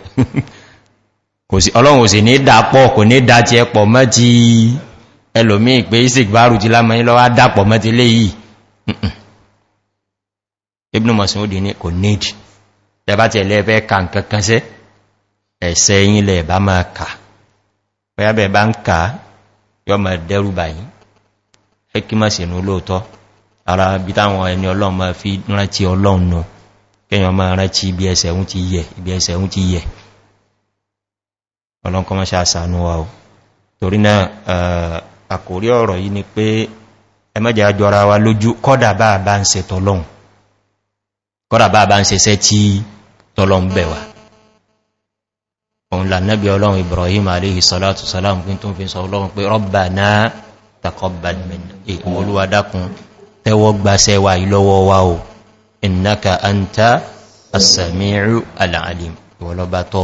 ọlọ́run ò sì ní dápọ̀ kò ní dá ti ẹpọ̀ mọ́ ti ẹlòmí pé isigfaru ti lámọ́ lọ́wọ́ dápọ̀ masudi ni kò nídìí tẹba tẹ lẹ́fẹ́ ka nǹkan kan sẹ́ ẹ̀sẹ̀ yìí lẹ̀ bá máa kà pẹ́yàbẹ̀ bá ń kà yọ ma dẹ́rù báyìí ẹkímọ̀ sínú lóòtọ́ ara bí táwọn ẹni ọlọ́run ma fi rántí ọlọ́run nù kẹyàn máa rántí ibi ẹsẹ̀ ń ti yẹ kọ́dà eh, bá bá ń se sẹ́ tí tọ́lọ ń bẹ̀ wà òun lànàbí ọlọ́run ibrahim aléhì salatu salam kí tó fi sọ ọlọ́run pé rọ́bà náà takọ́bàdìmìn èkó olúwadákun tẹ́wọ́ gbaṣẹ́ wà ìlọ́wọ́ wá o ìnáka àǹtà asàmìíru alàálìm ìwọlọ́bà tó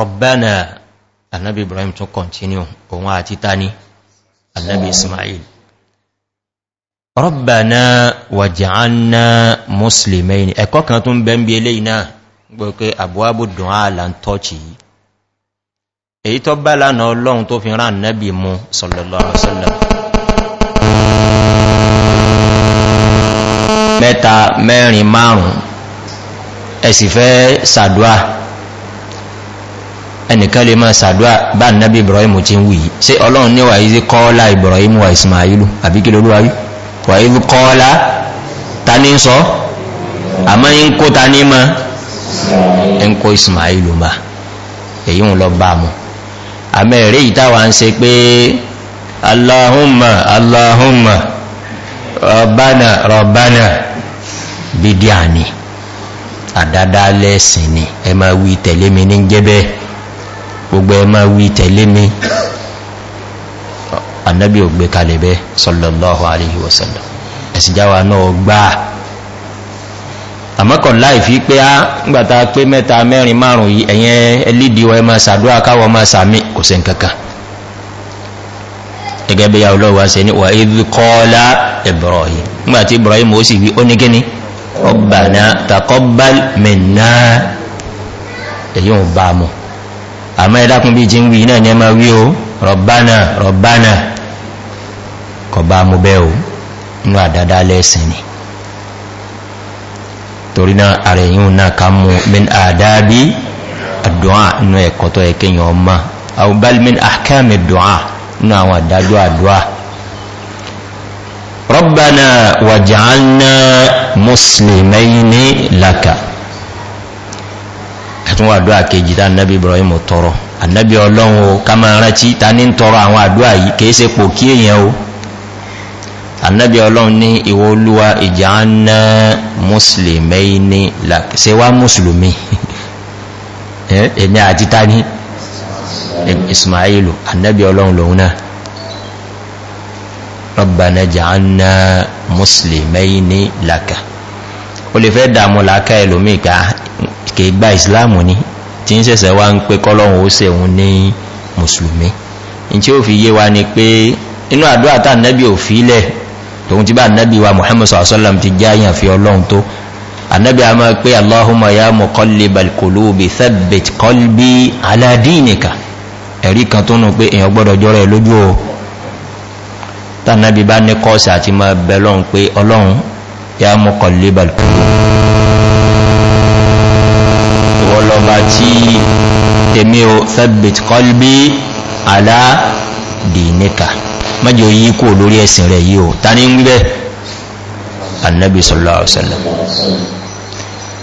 rọ̀bẹ́nà annabi ibrahim tún kọ̀ntínú òun àti tani annabi ismail rọ̀bẹ́nà wàjáánà muslimin ẹ̀kọ́ kan tún bẹ́ ń bí eléyìí náà gbogbo àbúwábù dùn ààlà ń tọ́ọ̀chì yìí èyí tó bá lánàá ọlọ́run tó fi rán annabi mu sọ̀lọ̀lọ́rọ̀ sọ̀lọ̀lọ́ mẹ́ta mẹ́rin márùn ẹ̀sì fẹ́ sàdúà ẹnìkan lè máa sàdúà bá nábi ibrahim ti ń wù yìí ṣe ọlọ́run níwà yìí kọ́ọ́lá ibrahim wa ismailu àbí kí lórí wáyé wà yìí kọ́ọ́lá ta ní sọ àmọ́ yìí ń kó ta ní mọ́ ń kó ismailu ma èyí ń lọ bá mu àmọ́ èrè yìí táwa ń se pé allahumma allahumma rabbana rabbana bídíà ni àdádá lẹ́ẹ̀sìn ni ẹ ma wí tẹ̀lé mi ní jẹ́bẹ́ gbogbo ẹ ma wí tẹ̀lé annabi ò gbé kalẹ̀ bẹ́ sallallahu alaihi wasallam ẹ̀sìjáwa náà gbá àmọ́kọ̀ láì fi pé á ngbàta pé mẹ́ta mẹ́rin márùn yìí ẹ̀yẹn ẹlídìíwọ ẹ ma sàdúrà káwọ ma sàmì kò sẹ́ nkankan gẹ́gẹ́ bí ya olóòwà se ní wà idh qala Ibrahim ngbàtí Ibrahim ó sì wí ó ní kíní rọ̀bàná takọ́bàl mẹ́nà èyí ò bá mọ̀ àmọ́ ẹ̀dàkùn bí i jí ń wí náà ní ẹmà wí o rọ̀bàná rọ̀bàná kọ bá mú bẹ́ o inú àdádá lẹ́ẹ̀sìn ni torí náà ààrẹ yíò náà ká mú min àdábí àdúwà inú ẹ̀kọ́ tó ẹ̀kẹ́yàn ọmọ àwùbálmin àkámi dùwà inú àwọn àdájọ́ rọ́bàna wàjáánà mùsùlùmí laka ẹ̀tún wà dúà kejì tá annabi ibrahim tọrọ annabi ọlọ́run o ká máa rántí ta ní tọrọ àwọn àdúà yìí kìí ṣe pò kí èèyàn o annabi ọlọ́run ní ìwọ olúwa ìjáánà mùsùlùmí laka ṣe wá mùsùlùmí èmi àti ta ní ismailu annabi ọlọ́run lòun náà ربنا جعلنا مسلمين لك o lè fẹ́ dàmù láká ẹlòmí ah, ìgbà ìgbà ìsìláàmù ní tí ń sẹ̀sẹ̀ wá ń pé kọ́lọ́hun ó sẹ̀hun ní mùsùlùmí in tí ó fi yé wa ni pé inú àdúrà tàà nẹ́bí ò muhammad sallam ti jáyàn fi ọlọ́run tó anẹ́bí a máa pé allahumma ya muqallibal qulubi thabbit qalbi ala dinika ẹ̀rí kan tó nù pé èèyàn gbọ́dọ̀ jọ́rọ̀ ẹ̀ lójú o tánàbí bá ní kọ́ọ̀sì àti ma bẹ̀lọ́n pé ọlọ́run ya mọ́kọ̀ lébà ìwọ́lọ́ba tí tèmi o thabit qalbi ala dinika mẹ́jọ yí kò lórí ẹ̀sìn rẹ̀ yí o ta ní sallallahu alaihi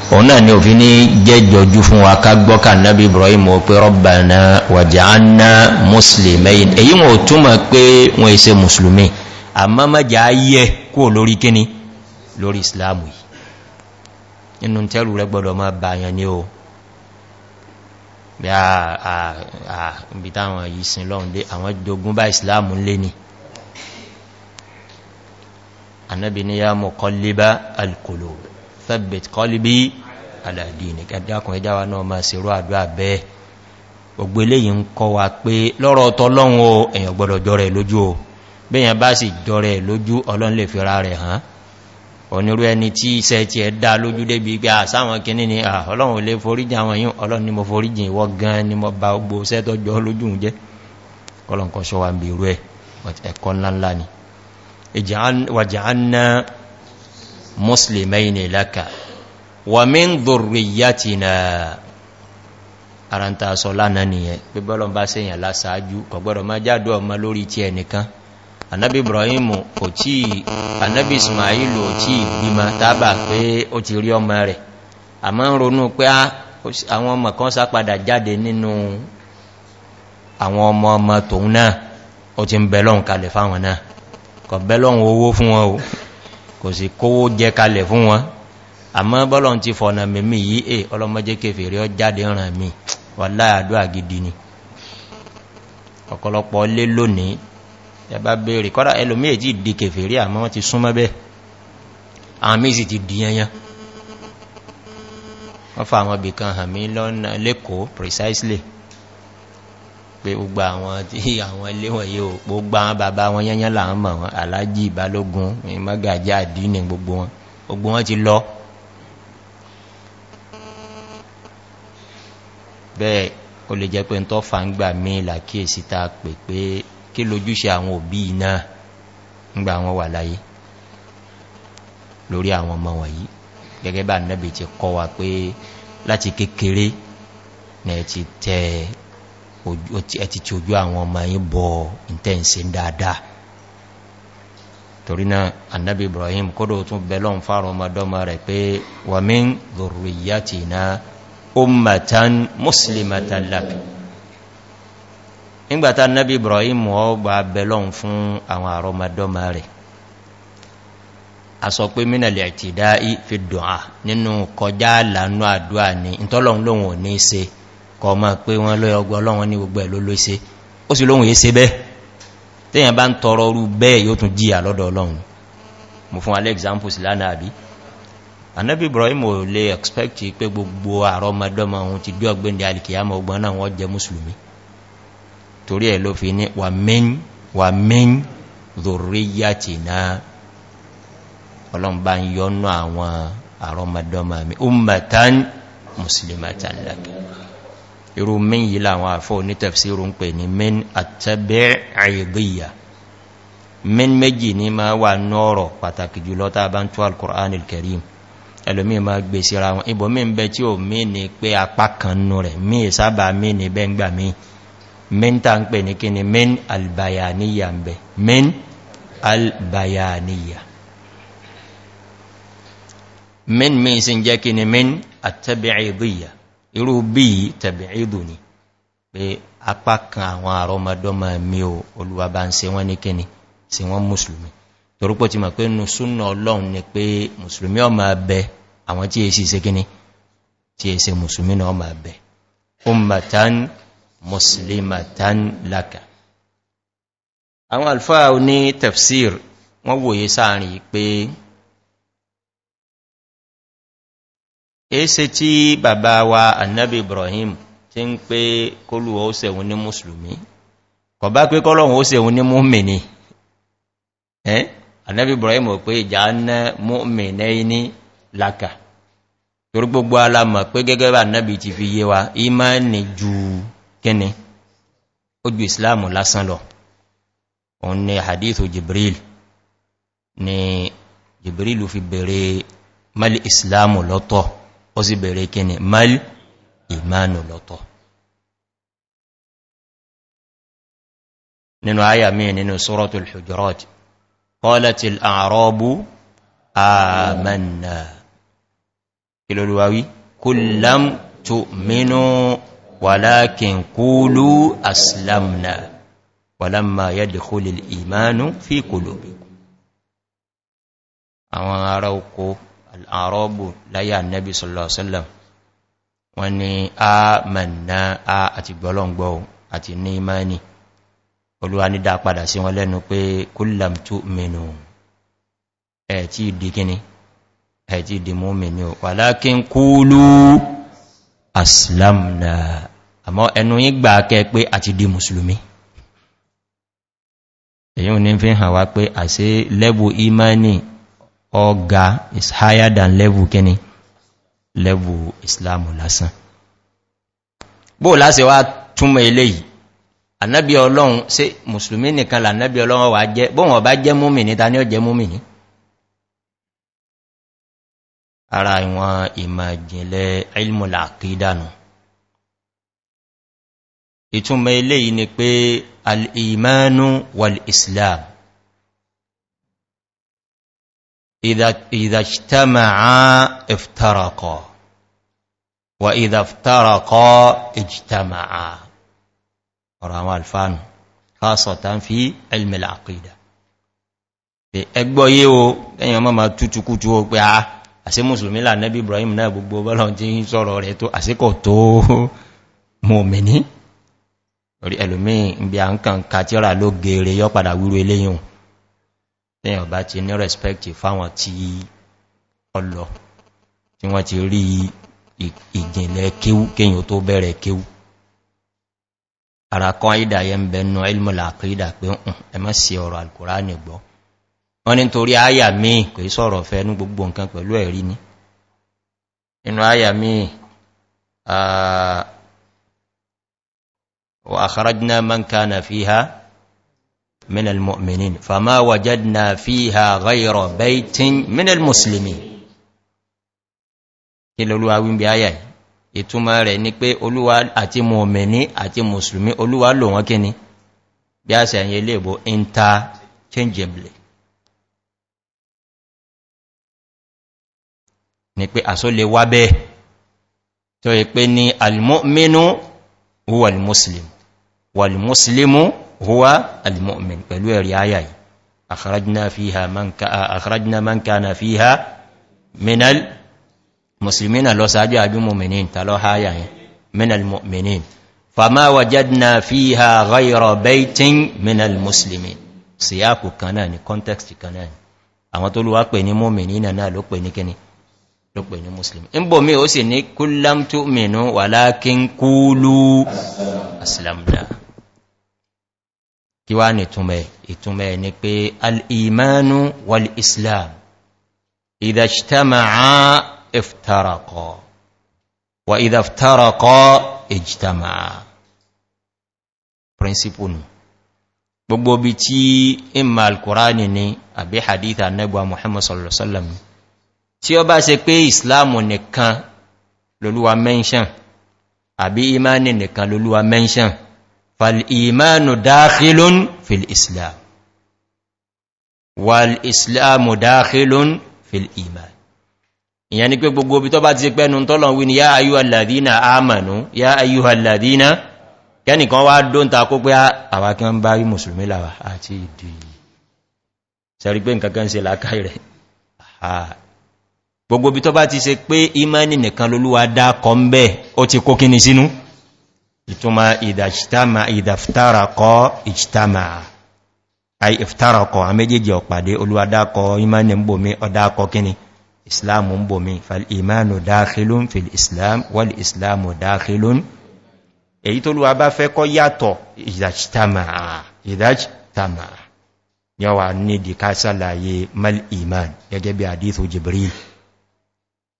òun náà ni òfin ní jẹ́jọjú fún wa ká gbọ́kà náàbí ibrahim o pé rọ́bàná wàjáánà musulmẹ́yìn èyí wọn ò túnmọ̀ pé wọn èsẹ musulmi àmá mẹ́jà ayẹ́ kúrò lórí kíní lórí islamu yìí nínú tẹ́rù rẹ gbọ́dọ̀ máa bàyàn ní o bí a ibi táwọn yìí sin lọ́run dé àwọn jogun bá islamu lé ni annabi thabbit qalbi ala dinik ẹ̀dàkùn ẹjáwà náà máa ṣe rú àdúrà bẹ́ẹ̀ gbogbo eléyìí ń kọ́ wa pé lọ́rọ̀ tọ́lọ́run o èyàn gbọ́dọ̀ jọrẹ lójú o bẹ́yàn bá sì jọrẹ lójú ọlọ́n lè fira rẹ̀ hàn onírú ẹni tí iṣẹ́ ti ẹ̀ dá lójú débi pé àsáwọn kìíní ni ọlọ́run lè foríjì àwọn yìí ọlọ́run ni mo foríjì ìwọ gan ni mo bá gbogbo iṣẹ́ tó jọ lójú jẹ́ ọlọ́nkọ́ ṣọ́wà ń bí irú ẹ̀ ẹ̀kọ́ ńláńlá ni wàjá muslimaini laka wa min dhurriyyatina ara n ta sọ lánàá nìyẹn pé bọ́lọ̀n bá sẹ́yìn lásáájú kọ̀gbọ́dọ̀ má jádọ́ ọmọ lórí tí ẹnìkan anábi ibrahim kò tí anábi ismail ò tí ìgbìmọ̀ tábà pé ó ti rí ọmọ rẹ̀ a máa ń ronú pé ah, àwọn ọmọ kan sápadà jáde nínú àwọn ọmọ ọmọ tòun náà ó ti ń bẹ̀lọ́n kalẹ̀ fáwọn náà kọ̀ bẹ̀lọ́n owó fún wọn o kò sí kówó jẹ kalẹ̀ fún wọn àmọ́ bọ́lọ̀ ti fọ̀nà mẹ́mí yìí è ọlọ́mọdé kèfèrè ọ jáde ràn mí wà láàdúwà gidi ni ọ̀pọ̀lọpọ̀ lé lónìí ẹbá bèèrè kọ́dá ẹlòmí èjì di kèfèrè precisely pé gbogbo àwọn tí àwọn ilé wọ̀nyí ò gbogbo àwọn bàbá wọn yányán láwọn mọ̀ wọn alájì ìbálógún ní mọ́gàjá àdínì gbogbo wọn gbogbo wọn ti lọ bẹ́ẹ̀ o lè jẹ́ pé ń tọ́fà ń gbà mí làkíyèsí ta pè pé kí lójúṣe àwọn òbí náà ń gbà wọn wà láyé lórí àwọn ọmọ wọ̀nyí gẹ́gẹ́ bá nẹ́bì ti kọ́ wa pé láti kékeré nẹ̀ ti tẹ́ ẹ̀tì tí ojú àwọn ọmọ yìí bọ̀ ìtẹ́ǹsẹ̀ dáadáa torí náà annabi ibrahim kódò tún belon fáwọn ọmọdọ́mọ rẹ̀ pé wà mí lóríyàtì na ummatan muslimatan lak nígbàtà annabi ibrahim ọ gba belon fún àwọn àrọmọdọ́mọ rẹ̀ a sọ pé mínàlẹ̀ àtìdá fi dùn à nínú kọjá lànà àdúà ní ìtọ́lọ̀ lóhun ò kọ ma pé wọn lọ ọgbọ ọlọ́wọ́n ní gbogbo ẹ̀ ló ló ṣe ó sì lóhun èéṣe bẹ́ẹ̀ tẹ́yàn bá ń tọrọ orú bẹ́ẹ̀ yóò ibrahim ò lè expect pé gbogbo àrọmọdọ́mọ ohun ti dọ́gbẹ́ ní alìkìyàmọ̀ ọgbọ́n náà wọ́n jẹ mùsùlùmí torí ẹ̀ ló fi ní wà mẹ́yìn wà mẹ́yìn lóríyàtì náà ọlọ́mbà ń yọ́nú àwọn àrọmọdọ́mọ mi ummatan muslimatan laka irú min yìí láwọn àfọ́ ní tafsiru ń pè ní min àtẹ́bẹ̀ àìgbìyà min méjì ní ma wà nọ́rọ̀ pàtàkì jùlọ tá bá ń tó al-Qur'an al-Karim ẹlòmí ma gbé síra wọn ibò mí ń bẹ tí ò mí ní pé apá kan rẹ̀ mí sábà mí ní bẹ́ ń gbà mí min ta ń pè ní kí ni min albayaniya ń bẹ min albayaniya min mi sin jẹ́ kí ni min àtẹ́bẹ̀ àìgbìyà irú bí i tẹ̀bí ìdù ni pé apá kan àwọn àrọmọdọ́mọ mi ò olúwa bá ń se wọ́n ní kíni sí wọ́n musulmi torúpọ̀ ti mọ̀ pé nù súnà ọlọ́run ni pé musulmi ọmọ abẹ àwọn tí èsì se kíni tí èsì musulmi náà ọmọ abẹ ummatan muslimatan laka àwọn alfáà ní tafsir wọ́n wòye sáàrin pé èése tí bàbá wa annabi ibrahim ti ń pé kólùwọ́ ó sẹ̀wọ̀n ní musulmi kọ bá pé kọ́lọ̀wọ́ ó sẹ̀wọ̀n ní múmìnì ẹ́ annabi ibrahim ò pé ìjà ná múmìnì ní laka torí gbogbo alamọ̀ pé gẹ́gẹ́ bá annabi ti fi yé wa imani ju kíni ó ju islam lásán lọ hadithu jibril ni jibril fi bèèrè mali islamu lọ́tọ̀ọ́ ó sì bẹ̀rẹ̀ kíni mal ìmánu lọ́tọ̀ nínú àyà míì nínú sọ́rọ̀tul hujjọ́rọ̀t kọ́lẹ̀tìl àrọ́bù àmànà ìlòlúwàwí kúlám tó mínú wàlákin kúlú aslamna wàlámà yàdì kúlìl ìmánu fi kúlùbí àwọn ará oko al'arọ́bù láyé annabi sallallahu wọ́n ni a mẹ́nà a àti gbọ́lọ́ngbọ́ àti ní imani olúwa ní dá padà sí wọn lẹ́nu pé kúlàm tó mẹ́nu ẹ̀ tí ìdí kíní ẹ̀ tí ìdí mú mẹ́nu wà lákín kúlú aslamna àmọ́ ẹnu yí gbà kẹ́ pé àti ọgá is higher than level kíni level Islam lásán bóò láti wá túnmọ̀ ilé yìí annabi ọlọ́run sí musulmi nìkan là annabi ọlọ́run wà jẹ́ bóhùn ọba jẹ́ múmi ní ta ní ọjẹ́ múmi ní ara ìwọn ìmọ̀ ìjìnlẹ̀ ilmùlà kìdánù ìtúnmọ̀ ilé yìí ni pé al-imanu wal-islam إذا اجتمعا افترقا وإذا افترقا اجتمعا رمى الفان خاصة في علم العقيدة ẹgbọ́yé o ẹ̀yàn máa tútukútu o pé a àṣí musulmi là nẹ́bí ibrahim náà gbogbo bọ́lọ̀n tí ń sọ́rọ̀ rẹ̀ tó àṣíkọ̀ tẹ́yàn bá ti ní rẹ̀spẹ̀kì fáwọn tí ọlọ tí wọ́n ti rí ìjìnlẹ̀ kéwú kéyàn tó bẹ̀rẹ̀ kéwú ara kan ìdáyẹ ń bẹnu ilmọ̀lá àkídà pé ń ẹmọ́ sí ọ̀rọ̀ alkùrá nìgbọ́ wọ́n ni torí àyà míì kò í sọ̀rọ̀ fẹ́ ní gbogbo nǹkan pẹ̀lú ẹ̀rí ni inú àyà míì àà àkàrájúná mọ́ ń nà fi ha من المؤمنين فما وجدنا فيها غير بيت من المسلمين kí lọ́lúwà wí bí ayà ìtumọ̀ rẹ̀ ní pé olúwa àti mọ̀mìnì àti mùsùlùmí olúwa lò wọ́n kí ni bí a sẹ̀yìn ilé ìbò interchangeably ni pé àsólè wá bẹ́ẹ̀ tó yí pé ni almọ́mínú wọ́n almuslim wàlmùsùlùmù huwa almu'min pẹ̀lú ẹ̀rí ayà yìí àkàrájìnà mọ́ǹkà na fi ha minal musulmi na lọ sáájú àjúmọ̀mìnì tàlọ́ ayà yìí minal mu'mini fama wajadna fi ha ghayra baitin minal musulmi siyaku kanáà ni context kanáà ni àwọn tó lúwá pè ní mọ́mìnì náà ló pè ní kíni ló pè ní musulmi ń bò mí ó sì ní kúlám tó mìnú wà lákín kúlú kí wá ní túnmẹ̀ ìtúnmẹ̀ ni pé al'imánu wal-islam ìdàṣtàmàá iftarakọ̀ wa ìdàftarakọ̀ ìjtàmàá príncipùnù gbogbo bí tí ìmà alkùránì ni àbí hadita nẹ́gbà muhammad sallallahu alaihi wasallam tí ó bá se pé islam nìkan lolúwa mẹ́ńṣàn àbí imani nìkan lolúwa mẹ́ńṣàn فالإيمان داخل في الإسلام والإسلام داخل في الإيمان يعني كيف بقوا بطبع تزيكبه ننطلعون يا أيها الذين آمنوا يا أيها الذين kẹ́nì kan wá dóń ta kó pé ah, àwà kí wọ́n bá rí musulmi láwà àti ìdí sẹ́rí pé nǹkan kan se lákàí rẹ̀ gbogbo bí tó bá ti se pé imani nìkan lolúwa dá kọ́ ń bẹ́ ó ti kó kíni sínú ìtumà ìdàṣítàmà ìdàftárakọ́ ìṣítàmà àìftárakọ̀ a méjèèjì ọ̀pàdé olúwadákọ̀ imani ń bòmí ọdákọ̀ kíni islamu ń bòmí fal'imánu dáhìlún fil islam wal islamu dáhìlún èyí tó lúwa bá fẹ́ kọ́ yàtọ̀ ìdàṣítàmà yọwà nídi ká sálàyé mal iman gẹ́gẹ́ bí àdíthù jibril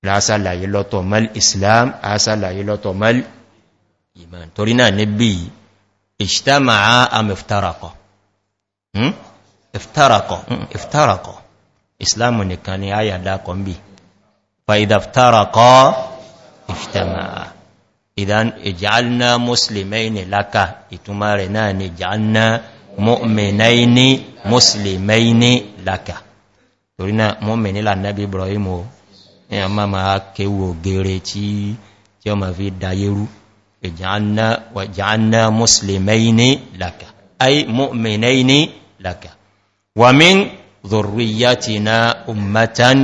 lásàlàyé lọ́tọ̀ mal islam lásàlàyé lọ́tọ̀ mal iman ìmọ̀ torí náà níbi ìṣtàmà àmì ìftarakọ̀ hmm? ìftarakọ̀ hmm, ìftarakọ̀ ìsìláàmù nìkan ni a yàdá kọ̀ ń bí fàídà ìftarakọ̀ ìṣtàmà ìdán ìjálná musulmẹ́ni láka ìtumá rẹ̀ náà ni ìjálná mọ́mìnàíní musulmẹ́ni láka torí náà mọ́mìnì lànàbí ibrahim o ní a máa kéwò gẹ̀rẹ̀ tí ọmọ fi dayeru ìjànà muslimaini laka ay mu'minaini laka wa min zurriyatina ummatan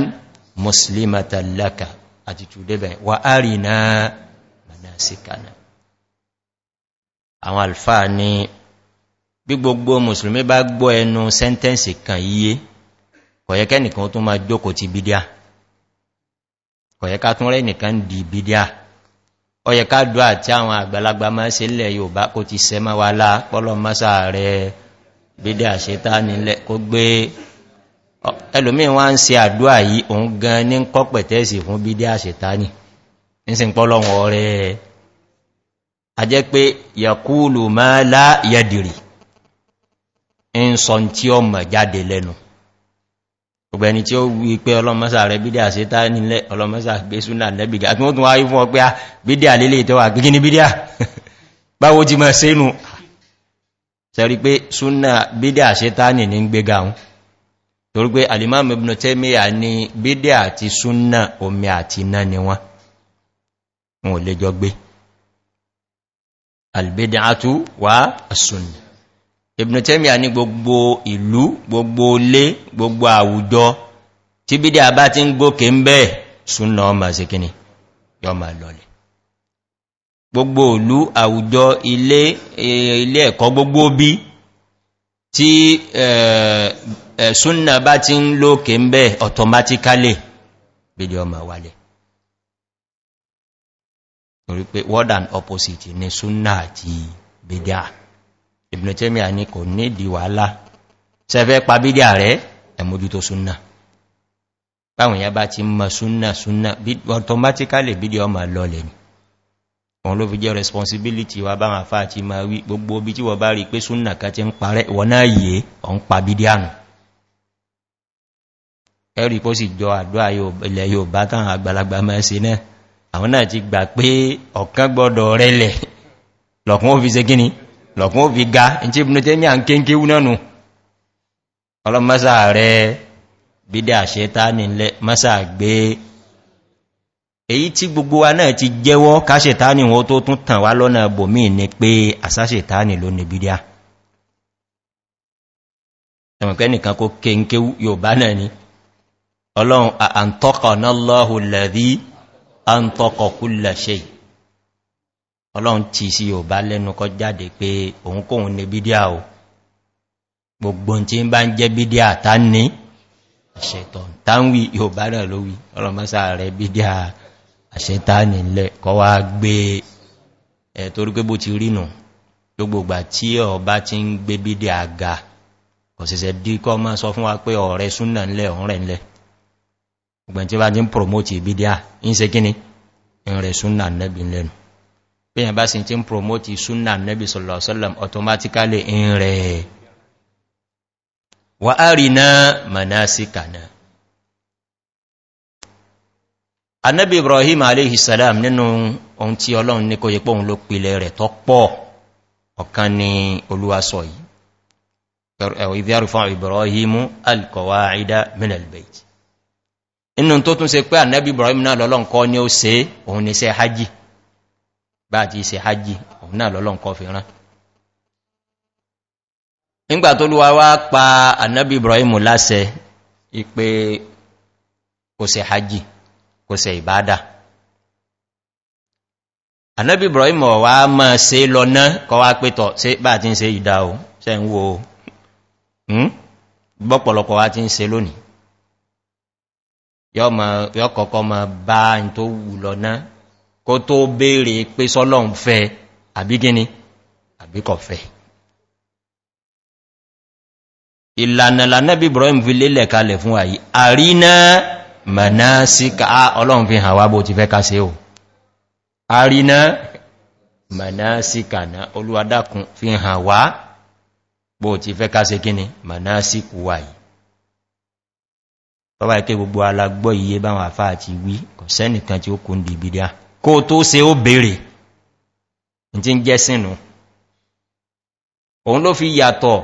muslimatan laka àti tùdébẹ̀ wa arina manasikana àwọn alfa ni bí gbogbo musulmi bá gbọ́ ẹnu sẹ́ntẹ́nsì kan yíye kọ̀yẹ́kẹ́ nìkan tó máa jókòó ti bídíà kọ̀yẹ́ká tún rẹ̀ nìkan di bídíà ọyẹ ká dùn àti àwọn àgbàlagbà máa se lẹ̀ yóò bá kò ti sẹ máa wà láà pọ́lọ mọ́sà rẹ̀ bídẹ̀ àṣẹta nílẹ̀ kó gbé ẹlòmín wá ń se àdúà yìí òun gan ní kọ́ fún bídẹ̀ àṣẹta ní ìsìn pọ́lọ gbogbo ẹni tí ó wí pé ọlọ́mọ́sà rẹ̀ bídí àṣítá nílẹ̀ ọlọ́mọ́sà gbé súnà lẹ́bìdí àti wọ́n tún wáyé fún ọpẹ́ ah, bídí àlélè tó wà gígí ní bídí à báwo jí mọ̀ sínú sẹ́rí pé súnà bídí àṣítá nì ní gbégà hún torí pé alimam ibn tẹ́mìyà ní gbogbo ìlú gbogbo ilé gbogbo àwùjọ tí bídí àbá ti ń gòkè ń bẹ́ẹ̀ súnà ọmọ sí kíni yọmọ lọlẹ̀ gbogbo ìlú àwùjọ ilé e, ilé ẹ̀kọ́ gbogbo bí tí e, e, súnà bá ti ń lókè ń bẹ́ẹ̀ automatically bídí ọmọ wálẹ̀ wípé word ni súnà àti bídí àà ìbìnà tẹ́mì àní kò ní ìdí wàhálà sẹ́fẹ́ pa bídí ààrẹ ẹ̀mójú tó súnnà báwọn ya bá ti mọ̀ súnnà súnnà automatically bídí ọmọ lọlẹ̀ ni wọn ló fi jẹ́ responsibility wa bá wọn fà ti ma wí gbogbo bí tí wọ́n bá rí pé súnnà ká ti ń parẹ́ wọ́n náà yé ọ̀n pa bídí àrùn ẹ̀rì kó sì jọ àdúrà àwọn náà ti gbà pé ọ̀kan gbọ́dọ̀ rẹ̀lẹ̀ lọ̀kún ó fi se gíní lọ̀kún ó fi ga in tí ibùn tẹ́mí à ń kéńké wúnánu ọlọ́mọ́sà rẹ̀ bídá ṣẹta nílẹ̀ mọ́sà gbé èyí tí gbogbo wa náà ti jẹ́wọ́ káṣẹta ní wọ́n tó tún tàn wá lọ́nà bòmí ni pé àsáṣẹta ní ló ní ọlọ́run ti sí yorùbá lẹ́nu kọ jáde pé òun kóhun ní bídíà o gbogbo tí ń bá ń jẹ́ bídíà tá ní àṣẹtàn táwí yorùbá náà ló wí ọlọ́mọ́sá rẹ̀ bídíà àṣẹtàní lẹ kọ wá gbé ẹ̀ torí pé bó ti rínù gbogbogbà tí tí ó bá ti ń promote ìbídíà ń se kíni ìrẹ̀ pèyàn bá sì ti ń promote sunna nabi sallallahu ala'uwa automatically in rẹ̀ wa arina manasikana annabi ibrahim alayhi salam nínú ohun tí ọlọ́run ní kó yípo òun ló pìlẹ̀ rẹ̀ tọ́ pọ̀ ọ̀kan ni olúwasọ yìí ìdíyàrù fún ibrahim alkọwa àìdá minalbeit inú bá ti ṣe hajji òun náà lọ́lọ́n kọ fi rán nígbà tó lúwa wá pa annabi ibrahim lásẹ ipé kò ṣe hajji kò ṣe ìbádà annabi ibrahim wá mọ́ ṣe lọ́nà kọ wá pẹ́tọ̀ sí bá ti ń ṣe ìdá o ṣe ń wo gbọ́pọ̀lọpọ̀ hmm? wá ti ń ṣe lónìí yọ́ kọ̀ọ̀kọ́ mọ́ bá ń tó wù lọ́nà kó tó béèrè pé sọ́lọ́un fẹ́ àbí gíní àbí kọ̀ fẹ́ ìlànà lànàbí ibrahim fi lélẹ̀ kalẹ̀ fún àyí àríná mọ̀ná sí ká ọlọ́run fi hàn wá bó ti fẹ́ ká sí o àríná mọ̀ná sí kàná olúwadákun fi hàn wá bó ti fẹ́ ká sí kíni mọ̀ná sí kúwà yìí tọ́wà ike gbogbo alagbọ́ iye báwọn àfáà ti wí kọ̀ sẹ́nìkan tí ó kún dìbìdíà kó tó se ó bèèrè tí ń jẹ́ sínú òun ló fi yàtọ̀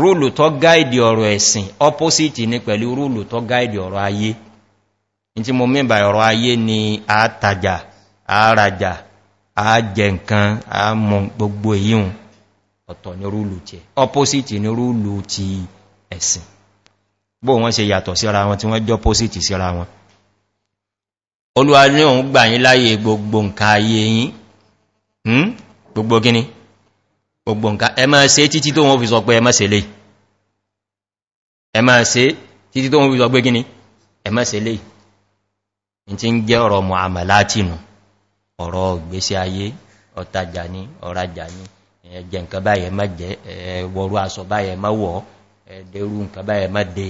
rúlù tó gáìdì ọ̀rọ̀ ẹ̀sìn opposite ní pẹ̀lú rúlù tó gáìdì ọ̀rọ̀ ayé tí mo mẹ́bà ọ̀rọ̀ ayé ni a tajà a rajà a jẹ nǹkan a mọ gbogbo èyíun ọ̀tọ̀ ní rúlù tí opposite ní rúlù ti ẹ̀sìn bó wọ́n se yàtọ̀ síra wọn tí wọ́n jọ opposite ara wọn olúwa ní òun gbà yí láyé gbogbo nǹkan ayé yìí hmm? gbogbo gíní gbogbo nǹkan ẹ máa se títí tó wọ́n fi sọ pé ẹ máa se lè ẹ máa se títí tó wọ́n fi sọ pé gíní ẹ máa se lè ní tí ń jẹ́ ọ̀rọ̀ mọ̀hàmà látìnù ọ̀rọ̀ gbésí ayé ọ̀tajà ní ọ̀rajà ní ẹjẹ nǹkan báyẹ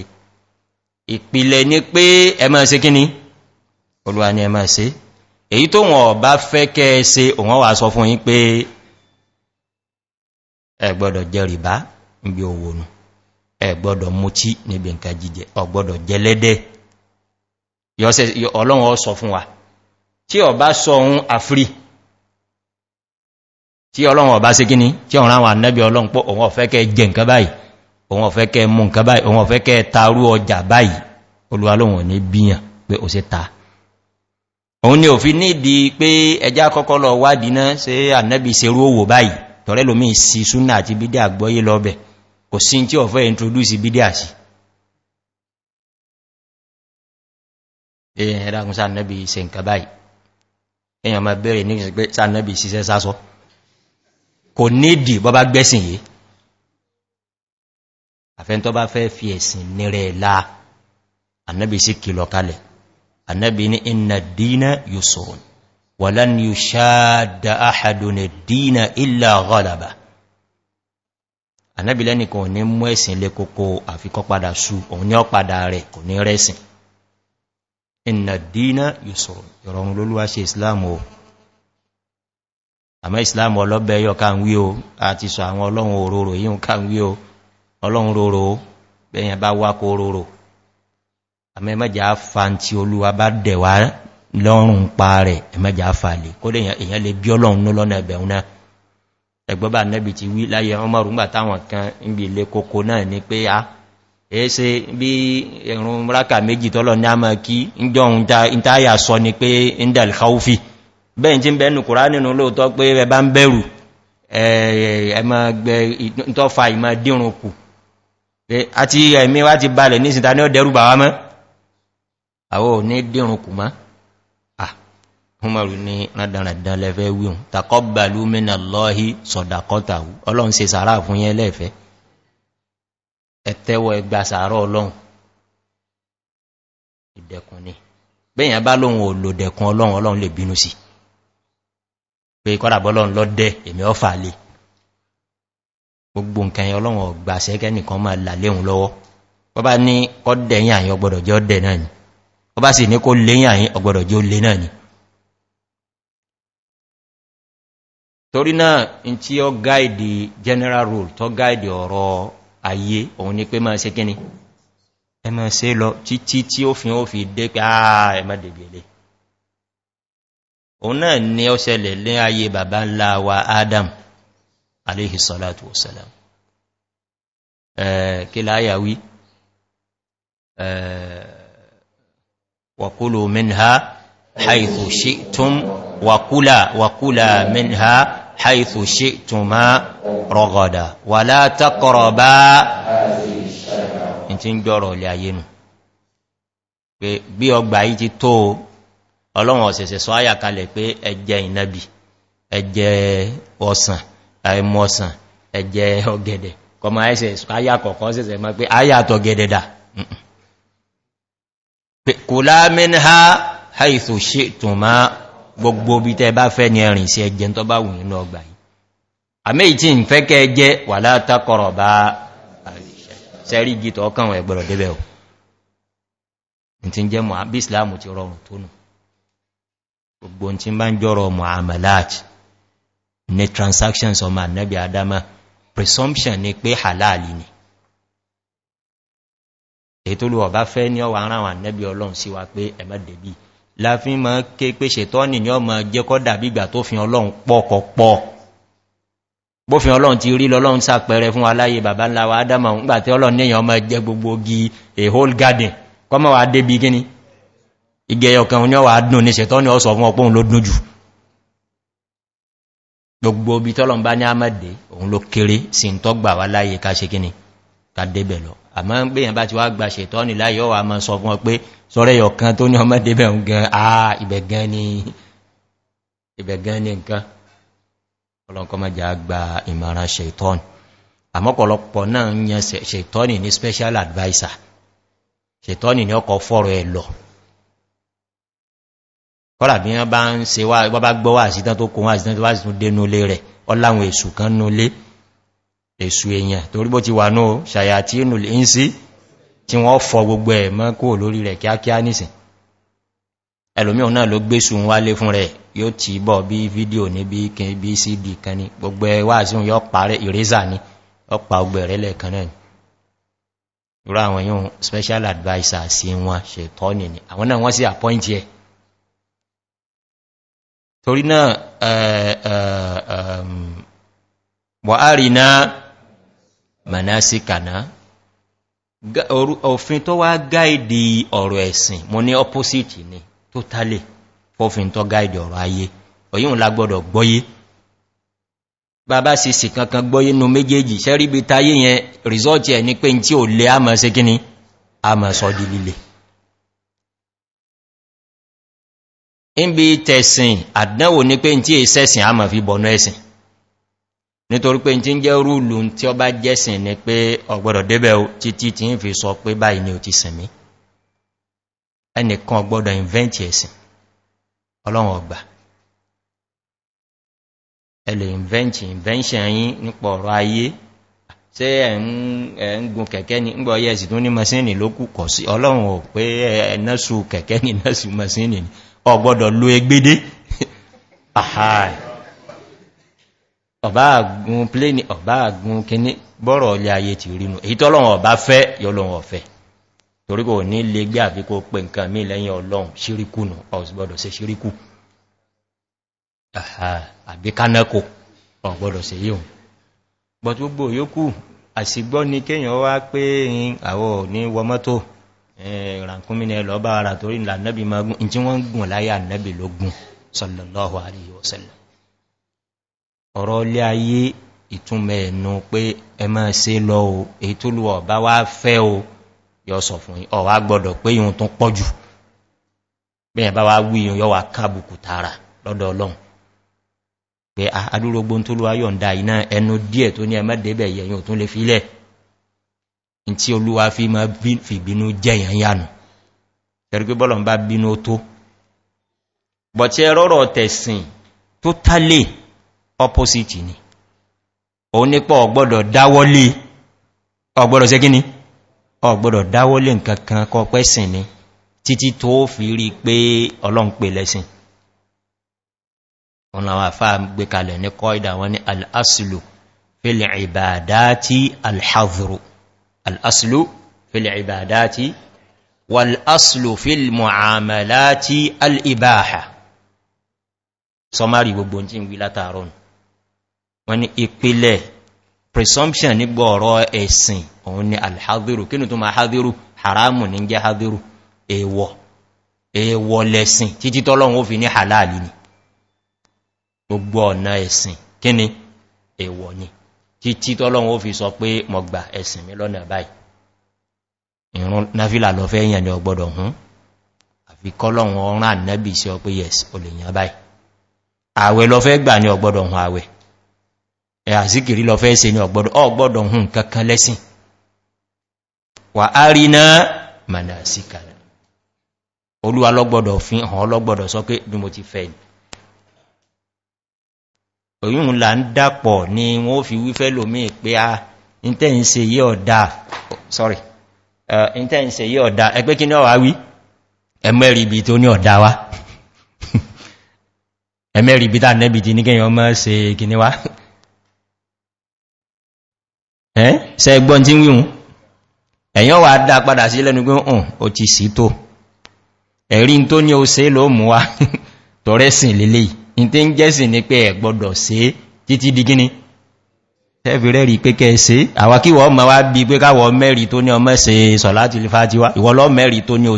ìpìlẹ̀ ni pé ẹ máa se kíní olúwa ní ẹmà ṣe èyí tó wọ́n bá fẹ́ kẹ́ ṣe òun wà sọ fún yí pé ẹgbọ́dọ̀ jẹ rìbá níbi owó nù ẹgbọ́dọ̀ mútí níbi nǹkan jíjẹ ọgbọ́dọ̀ jẹ lẹ́dẹ̀ ọlọ́run ọ sọ fún wa tí ọba sọ ohun àfírí tí ọlọ́run ọba sí kíní tí ọ̀rọ̀ àwọn anẹ́bí ọlọ́run pọ̀ òun ọ̀fẹ́ kẹ jẹ nǹkan báyìí òun ọ̀fẹ́ kẹ mú nǹkan báyìí òun ọ̀fẹ́ kẹ taarú ọjà báyìí olúwa lóhun ò ní bíyàn pé ó sì ta òun ni òfin ní ìdí pé ẹjá kọ́kọ́ lọ wádìí náà ṣe ànẹ́bì ìṣerú òwò báyìí tọ́rẹ́ lómi sí súnà àti bídí àgbọ́yé lọ́bẹ̀ kò sí tí ọ̀fẹ́ introduce bídí àṣì èyàn ẹ̀dàkùn sànẹ́bì ṣe nǹkan báyìí èyàn máa bẹ̀rẹ̀ ní annabi ni inna dina yusurun walan yushadda ahadun dina illa ghalaba annabi lẹ́ni kan ní mú ẹ̀sìn lé kókó àfikọ́ padà sú òun ní ọ̀padà rẹ̀ kò ní rẹ́sìn inna dina yusurun ìrọ̀rùn lólúwá ṣe islam o àmọ́ islam ọlọ́bẹ̀ yọ káàwí o àti sọ àwọn ọlọ́run òróró yíò káàwí o ọlọ́run róró bẹ́yẹn bá wá róró àmẹ́mẹ́jà fa ti olúwa bá dẹ̀wà lọ́rùn pa rẹ̀ ẹmẹ́jà fa lè kó lè èyàn lè bí ọlọ́run lọ́nà ẹ̀bẹ̀rún náà ẹgbọ́bà nẹ́bì ti wí láyé ọmọ rúgbà táwọn kan ń bí ilé kókó náà ni pé a èése bí ẹ̀rùn ráka méjì tọ́lọ ní a máa kí ń jọ ohun táyà sọ ni pé indal haufi bẹ́ẹ̀ tí ń bẹ́ẹ̀ nùkúrá nínú lóòótọ́ pé ẹ bá ń bẹ̀rù ẹ̀ẹ̀ẹ̀ẹ̀mọ́ àwọ́ ò ní dìrùn kù má àmọ́rù ní rádàràdà lẹ́fẹ́ wíhùn takọ́bàlú mẹ́nà lọ́hí sọ̀dàkọ́ta ọlọ́run se sàárà fún yẹ́ lẹ́fẹ́ ẹ̀tẹ́wọ̀ ẹgbà sàárọ̀ ọlọ́run ìdẹ̀kùn ni bẹ́yàn bá lóhun olòdẹ̀kùn ọlọ́run ọlọ́run lè bínú sí pé kọ́dàbọ́lọ́run lọ́dẹ̀ èmi ọ́fà lè gbogbo nǹkan yẹn ọlọ́run ọ̀gbà sẹ́kẹ́ nìkan ọba sì ní kó léyìn àyín ọgbọ̀dọ̀ jí ó lé náà ni torí náà in tí ó gáìdì general rule tó gáìdì ọ̀rọ̀ ayé òun ni pé máa ṣe kíni ẹ máa ṣe lọ títí tí ó fi ó fi dé pé àà ni ó ayé bàbá ńlá wa adam aléhìsọ́látù kí وكلوا منها حيث شئتم وكلا وكلا منها حيث شئتما رغدا ولا تقربا انت نجورو لي اينو bí ọgbà yìí ti tó ọlọ́run ọ̀sẹ̀sẹ̀ sọ áyà pé ẹjẹ ìnàbì ẹjẹ ọ̀sàn ẹmọ ọ̀sàn ọgẹ̀dẹ̀ kọmọ ẹsẹ̀ áyà kọ̀kọ́ sẹ̀sẹ̀ ma pé áyà tọ̀gẹ̀dẹ̀dà kùlá min ha haithu ṣe tún ma gbogbo bí tẹ bá fẹ́ ní ẹ̀rìn sí ẹjẹ́ tó bá wùn nínú ọgbà yìí àmì ìtí ń fẹ́ kẹ́ jẹ́ wà látàkọrọ̀ bá sẹ́rí gítọ̀ ọkàn ẹgbẹ̀rọ̀ débẹ̀ o tí ń jẹ́ presumption ni pé halali ni ètò olùwọ̀ bá fẹ́ ní ọwà ara àwọn nẹ́bí ọlọ́run sí wa pé ẹ̀mọ́ dẹ̀bí láfin mọ́ ké pé ṣètọ́nì ní ọmọ jẹ́kọ́ dàbí ìgbà tó fi ọlọ́run pọ̀kọ̀ pọ̀ bófin ọlọ́run ti rí lọ́lọ́run sàpẹẹrẹ fún aláyé bàbá ńlá wa adama ńgbà tí ọlọ́run ní ọmọ jẹ gbogbo a whole garden kọ́mọ̀ wa débi gíní ìgẹyọ kan ní ọwà dùn ní ṣètọ́nì ọsọ fún ọpọ́ òun ló dùn jù gbogbo bí tọ́lọ̀ bá ní àmàdé òun ló kéré sí ń tọ́gbà wa àmọ́ ń gbèyàn bá ti wá gba ṣètọ́ ní láyọ́ wà mọ́ sọ fún ọ pé sọ́rẹ́ yọ̀kan tó ní ọmọdé bẹ̀rún gan àà ìbẹ̀gan ni ìbẹ̀gan ni nǹkan ọlọ́nkọ́ gba ìmọ̀ràn ṣètọ́n àmọ́pọ̀lọpọ̀ náà ń yan ṣètọ́n ní special advisor ṣètọ́n ní ọkọ̀ fọ́rọ̀ ẹ̀ lọ kọ́lá bí wọ́n bá ń se wá gbọ́ wá sí tán èsù èyàn torí bó ti wà náà ṣàyà tí inú lè ń sí tí wọ́n fọ gbogbo ẹ̀ mọ́ kó lórí rẹ̀ kíákíá nìsìn ẹlòmíọ̀ náà ló gbé sùn wálé fún rẹ̀ yóò ti bọ̀ bí fídíò ní bí kí bí cd kan ní gbogbo ẹwà sí yóò parẹ́ ìrẹ́sà ní ọpa ọgbẹ̀ rẹ̀ lẹ́ẹ̀kan náà ni rọ àwọn advisor sí wọn ṣètọ́ nì ní àwọn náà wọ́n sí àpọ́ǹtì ẹ̀ torí náà manasikana òfin tó wá gáìdì ọ̀rọ̀ ẹ̀sìn mo ní opposite ni tó tálè fófin tó gáìdì ọ̀rọ̀ ayé òyíhun lágbọ́dọ̀ gbọ́yé bàbá sì sì kankan gbọ́yé nú méjèèjì sẹ́ríbi táyé yẹn rìsọ́ọ̀tì ẹ̀ ní pé tí ò lè á mọ̀ sí kíní á mọ̀ sọ di líle ń bí tẹ̀sìn àdánwò ní pé tí èsẹ́sìn á mọ̀ fi bọ̀nú ẹ̀sìn nítorí pé tí ń jẹ́ rúlù tí ọ bá jẹ́sìn ní pé ọ̀gbọ́dọ̀ débẹ̀ ti ti ń fi sọ pé báyìí ni o ti sìnmí ẹnìkan ọgbọ́dọ̀ invent ẹ̀sìn ọlọ́run ọgbà ẹlẹ̀ invent invention yí nípa ọ̀rọ̀ ayé ọ̀bá àgùn pléni ọ̀bá àgùn kíní bọ́rọ̀ ọlẹ́ ayé ti rínú èyí tó lọ́wọ́ ọ̀bá fẹ́ yọ́lọ́wọ́ ọ̀fẹ́ torí kò ní lè gbé àfikò pé nǹkan mí lẹ́yìn ọlọ́run ṣíríkù nù ọ̀sbọ̀dọ̀ sí ṣíríkù àbí kánákò ọ̀gbọ̀dọ̀ sí yíò but gbogbo ni kéyàn wá pé àwọ̀ ní wọmọ́tò ìrànkúnmínà ẹlọ́bá ara torí ìlànàbì magun in tí wọ́n gùn ọ̀rọ̀ ilé ayé ìtúnmẹ̀ ẹ̀nù pé ẹ máa ṣe lọ o èyí tó lù ọ̀bá wá fẹ́ o yọ sọ fún ọ̀wá gbọdọ̀ pé ìhun tó pọ̀ jù bẹ́ẹ̀ bá wá wí ìhun yọ wà kábùkù tààrà lọ́dọ̀ ọlọ́run ah, fi máa fìbínú jẹ́yàn yánu tẹ̀rí pé bọ́lọ̀ ń bọ̀tí ẹrọ́rọ̀ tẹ̀sìn tó tálẹ̀ opposite ni òun nípa ọ̀gbọ́dọ̀ dáwọ́lé ọ̀gbọ́dọ̀ ṣe kíní ọ̀gbọ́dọ̀ dáwọ́lé nkankan kọ pẹ́sìn ni títí tó fi rí pé ọlọ́npẹ̀ lẹ́sìn wọn làwọn àfá gbé kalẹ̀ ní kọ́ìdà wọn ni al'aslu fílẹ̀ ìbàdáti alhazuru al'aslu fílẹ̀ ìbàdáti wal'aslu fílẹ̀ mu'amalati al'ibaha sọmárì gbogbo tí ń gbí látàrọ̀ wọ́n ni ìpìlẹ̀ presumption nígbọ́ ọ̀rọ̀ ẹ̀sìn òun ni alhadiru kí ni tó ma hadiru haramu ní jẹ́ hadiru èèwọ̀ èèwọ̀ lẹ́sìn títí tọ́lọ́run ó fi ní halali ni gbogbo ọ̀nà ẹ̀sìn kí ni èèwọ̀ ni títí tọ́lọ́run ó fi sọ pé mọ̀gbà ẹ̀sìn mi lọ́nà báyìí ìrún náfílà lọ fẹ́ yẹn ni ọgbọ́dọ̀ hún àfi kọ́lọ́run ọ̀rán ànábì sí ọ pé yes olèyàn báyìí àwẹ̀ lọ fẹ́ gbà ní ọgbọ́dọ̀ hun àwẹ̀ asịkiri lọ fẹ́ ṣe ní ọgbọ́dọ̀ kankan lẹ́sìn wà á rí náà mànà sí olúwa lọ́gbọ́dọ̀ fi hàn ọlọ́gbọ́dọ̀ sọ pé bí mo ti fẹ́ ní òyún ń dápọ̀ ni wọ́n fi wífẹ́ lómí pé a sorry ẹ́ sẹ gbọ́n tí wíhun ẹ̀yàn wà dá padà sí lẹ́nu pé ọ̀n o ti sí tó ẹ̀rí tó ní o se ló mú wa tọ́rẹ sìn lélé in tí ń jẹ́sìn ní pé ẹ̀gbọ́dọ̀ sí títí di tẹ́fìrẹ́ rí pé kẹsẹ́ àwakíwọ̀ ọmọ wá tó ní ọmọ se sọ̀lá tìlifá ti wá ìwọ̀lọ́ mẹ́rin tó ní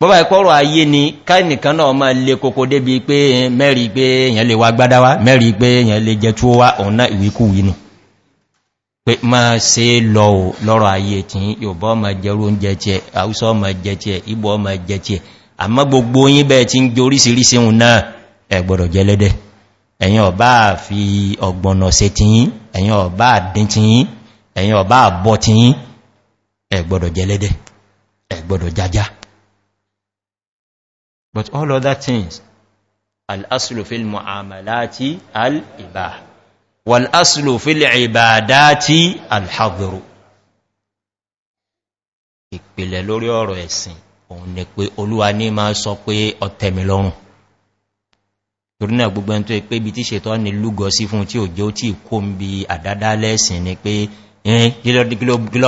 bọ́bá ìkọ́rọ̀ ayé ni káìnìkan náà ma lè kòkó débi pé mẹ́rin pé èyàn lè wà gbádáwá mẹ́rin pé èyàn lè jẹ tó wá ọ̀nà ìwíkúwí nù pé ma ṣe lọ lọ́rọ̀ ayé tí yóòbọ́ ma jẹrú oúnjẹ tí ẹ àúsọ́ ma jẹ tí ẹ ibọ́ ma jẹ tí ẹ àmọ́ ẹ̀yìn ọ̀bá fi ọgbọ̀nà se ti yín ẹ̀yìn ọ̀bá dín ti yín ẹ̀yìn ọ̀bá àbọ̀ ti yín ẹgbọ̀rọ̀ jẹ lẹ́dẹ̀ but all other things al'aslu fil mu'amalati al'ibah wal'aslu fil ibadati al'adhuru ìpìlẹ̀ lórí ọ̀rọ̀ ẹ̀sìn òun ni pé olúwa ní máa sọ pé ọ̀tẹ̀mì lọ́rùn torí náà gbogbo ẹn pé bí tí ṣètọ́ ni lúgọ sí fún tí òjò tí kó ń bí àdádá lẹ́sìn ni pé ẹ̀yìn kí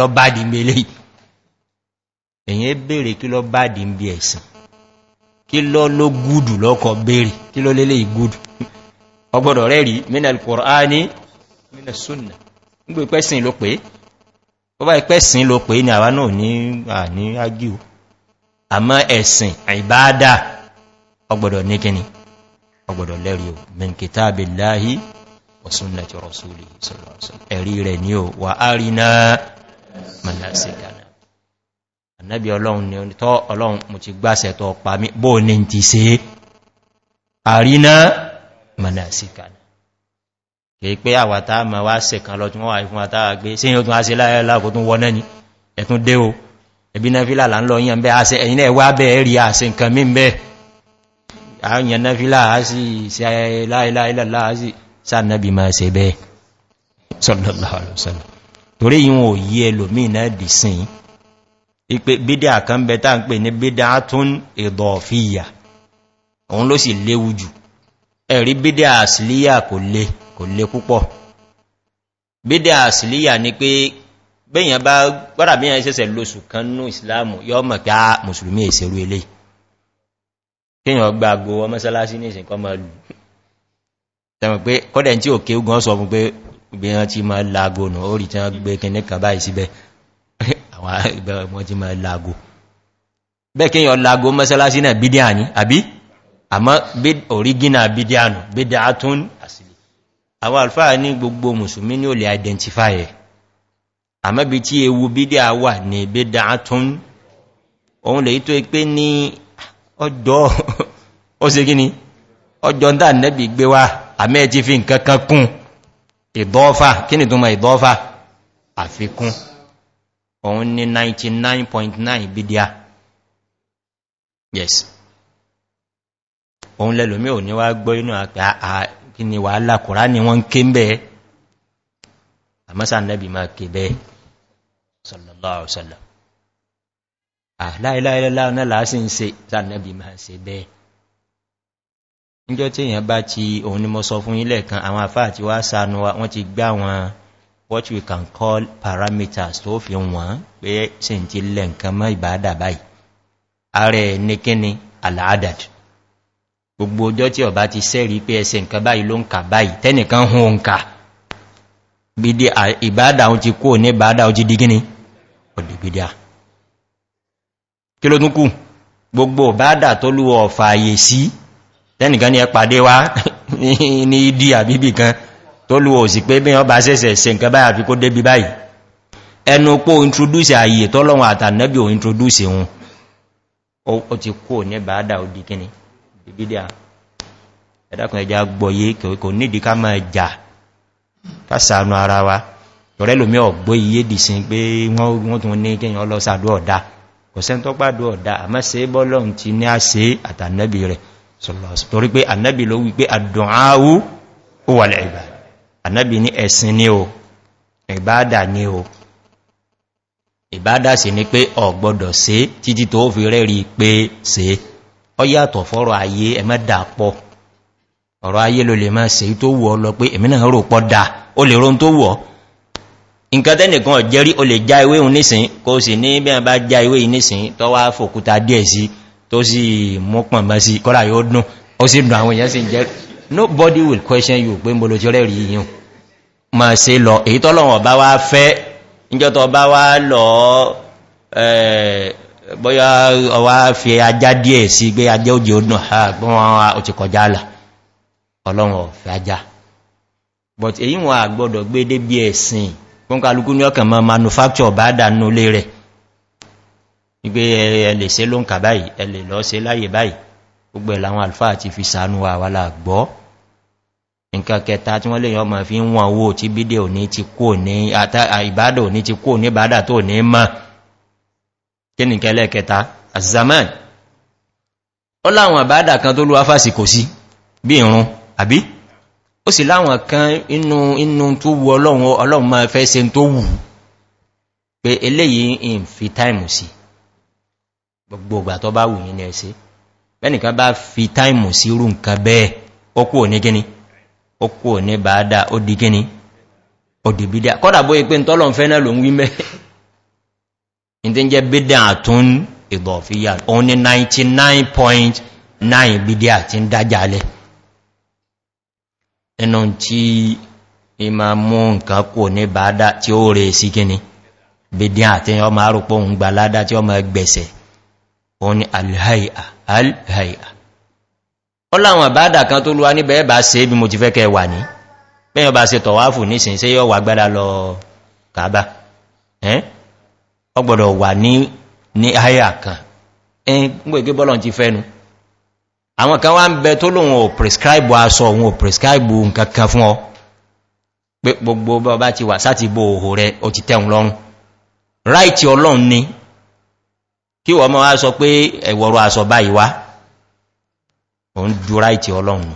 lọ bá dì ń bí ẹ̀sìn kí lọ ló gúdù lọ́kọ̀ bèèrè kí lọ lélẹ̀ ìgúdù ọgbọ̀dọ̀ rẹ̀ rí mínà kòrání mínà súnà nígbè pẹ́sìn ló pé ó bá ìpẹ́sìn ló pé ní àwá náà ní agíò àmọ́ ẹ̀sìn àìbáadà ọgbọ̀dọ̀ ní kíni ọgbọ̀dọ̀ lẹ́rí o mẹ́kítà abìláhí ànábí ọlọ́run ni onítọ́ ọlọ́run mo ti gbáṣẹ̀ tó ọpa mi bóò ní ti ṣe àríná mọ̀nà síkànà kìí pé àwàtá ma wá ṣe kan lọ tí wọ́n wà fún àtàwà gbé sí ìyótún àṣẹ láàkótún wọ́n náà ni ẹ̀tún dé o ẹbí náfílà là ń lọ yíyan ipe bídá kan bẹ tá ń pè ní bídá tún ìdọ̀fíyà òun ló sì léwu jù ẹ̀rí bídá àsìlíyà kò lè kò lè púpọ̀ bídá àsìlíyà ni pé bẹ́yàn bá gbára bí yàn ṣẹ̀ṣẹ̀ lóṣù kan ní ìsìláàmù yọ mọ̀ pé á ah, mùsùlùmí ìṣerú ilé kíyàn gba agbó wọ mọ́sálásí ní ìsìnkọ́ mọ́ lù tẹ́mọ̀ pé kọ́dẹ̀ tí ò kéwù gan àwọn ìbẹ̀rẹ̀ wọ́n ti máa lágo bẹ́ẹ̀ kíyàn lágo mọ́sálásí náà bídíà ní àbí àmọ́ orígínà bídíà nù bídíà tún àsìlẹ̀ àwọn alfáà ní gbogbo musulmi ní ò identify ẹ̀ àmọ́ bí tí ewu bídíà wà ní bídíà tún òun lè tó pé ní ọjọ́ ó se gíní ọjọ́ ń dáà nẹ́bì gbé wá àmẹ́ òun ni 99.9 bidia yes òun lẹ́lòmí ò ní wá gbọ́ inú àpá kí wà lákùnrá ni wọ́n ké bẹ́ àmọ́sà nẹ́bì máa ké bẹ́ sallallahu àláìláìláìláì náà ń se sànẹ́bì máa se bẹ́ẹ̀ níjọ́ tí èyàn bá ti òun ni mọ́ sọ fún ilẹ̀ kan àwọn àfáà ti wá sánú wọ́n ti gbá wọn what we can call parameters tó fi wọ́n pé sí ti lẹ nǹkan mọ́ ìbáadà báyìí ààrẹ ní kíni aláàdàd gbogbo ọjọ́ tí ọba ti sẹ́rí pé ẹsẹ̀ nǹkan báyìí ló ń kà báyìí tẹ́nìkan hún ń kà gbídí ìbáadà ó ti kó ní ìbáadà ó ti di kíni ọ̀dìgbídà kí ló tún kù gbogbo ìbáadà tó lúwọ̀ fààyè sí tẹ́nìkan ní ẹ pàdé wá ní ìdí àbíbì kan tó lùwọ̀ sí pé bí wọ́n bá sẹ́sẹ̀ se nǹkan báyà fi kó débi báyìí ẹnu pó introduce ààyè tọ́lọ́wọ̀n àtànẹ́bì ò introduce wọn ó ti kó ní bàádà òdì kíni bíbídà ẹ̀dàkùn ẹja gbọ́yé kò nídi ká máa jà kásàánú ara wa tọ́rẹ́ lómi ọ̀gbọ́ iye dìsìn pé wọ́n tún ní kíyàn ọlọ́sàdú ọ̀dá kò sẹ́ tó pàdú ọ̀dá àmọ́ sí bọ́lọ́n ti ní àṣẹ àtànẹ́bì rẹ̀ torí pé ànẹ́bì ló wí pé ànábì ní ẹ̀sìn ní o ìbádà ní o ìbádà sí ni pé ọ̀gbọ́dọ̀ sí títí tó fi rẹ́rí pé sí ọ yàtọ̀ fọ́rọ̀ ayé ẹmẹ́dà pọ̀ ọ̀rọ̀ ayé ló lè máa se tó wọ́ lọ pé èmì náà rò pọ́ dáa ó lè rón tó wọ́ nǹkan tẹ́nìkan ọ̀jẹ́rí o lè já ìwé òun nísìn kó sì ní bí a bá já ìwé yìí nísìn tó wá fòkúta díẹ̀ sí tó sì mọ́pọ̀n bá sí kọ́lá yóò dùn ó sì dùn àwọn èèyàn sì jẹ́ nobody will question you pé mo lo ti rẹ́rìí yìí ma ṣe lọ èyí tọ́lọ̀wọ̀n bá wá fẹ́ níjọ́tọ̀ bá wá boya bọ́yá ọwá fi ajá díẹ̀ sí gbé ajá òjì odùn àgbọ́n wọn ti kọjá àlà ọlọ́run ọ̀fẹ́ ajá but èyí wọn àgbọ́dọ̀ gbé débí ẹ̀sìn pọ́nkálukú ní ọkàn mọ́ manufacture bá dánú lé rẹ̀ wípé ẹlẹ́sẹ́ ló ń kà báyìí ẹlẹ́ lọ́ọ́ se láyé báyìí gbogbo ẹ̀ láwọn alfáà ti fi wa àwálà gbọ́ nǹkan kẹta tí wọ́n lè yọ́ ma fi ń wọn owó tí bídé òní ti kó ní ìbádò ní ti kó ní bada tó ní mọ́ kí ní keta kẹta azaman ó láwọn bádà kan tó lúwá fásì kò sí bí irun àbí ó sì láwọn kan inú inú tó wu ọlọ́run ọlọ́run ma fe se tó wu pé eleyi in fi táìmù sí gbogbo ìgbà tó wu wù yí ní ẹsẹ́ bẹ́nìkan bá fi táìmù si ru nǹkan bẹ́ẹ̀ ó kú ò ní ó kúrò ní bàádà ó di gíní ó di bídá kọ́dà bóyí pé tọ́lọ̀ ń fẹ́ náà ló ń wí mẹ́ ìdí jẹ́ bídá àtún ìgbọ̀fíyà òun ni 99.9 bídá àti ń dájálẹ̀ ẹnu tí ìmá mú nǹkan kò ní bàádà tí ó rẹ̀ sí gíní bídá àti ọmọ arúpọ̀ òun gbà tí ọmọ gbẹ̀sẹ̀ òun ni alhaiya ó láwọn àbádà kan tó lúwa níbẹ̀ ẹ̀bà se bí mo ti fẹ́ kẹ wà ní bẹ́yàn bá se tọ̀wáfù nísìn sí yọ́ wà gbádà lọ kàábà ọgbọ̀dọ̀ wà ní àyà kan gbogbo bọ́lọ̀ ti fẹ́nu àwọn kan wá ń bẹ tó lóun ò prescribe aṣọ òun ò prescribe nǹkan kan fún ọ ti wà sáti o ń dúra ìtì ọlọ́run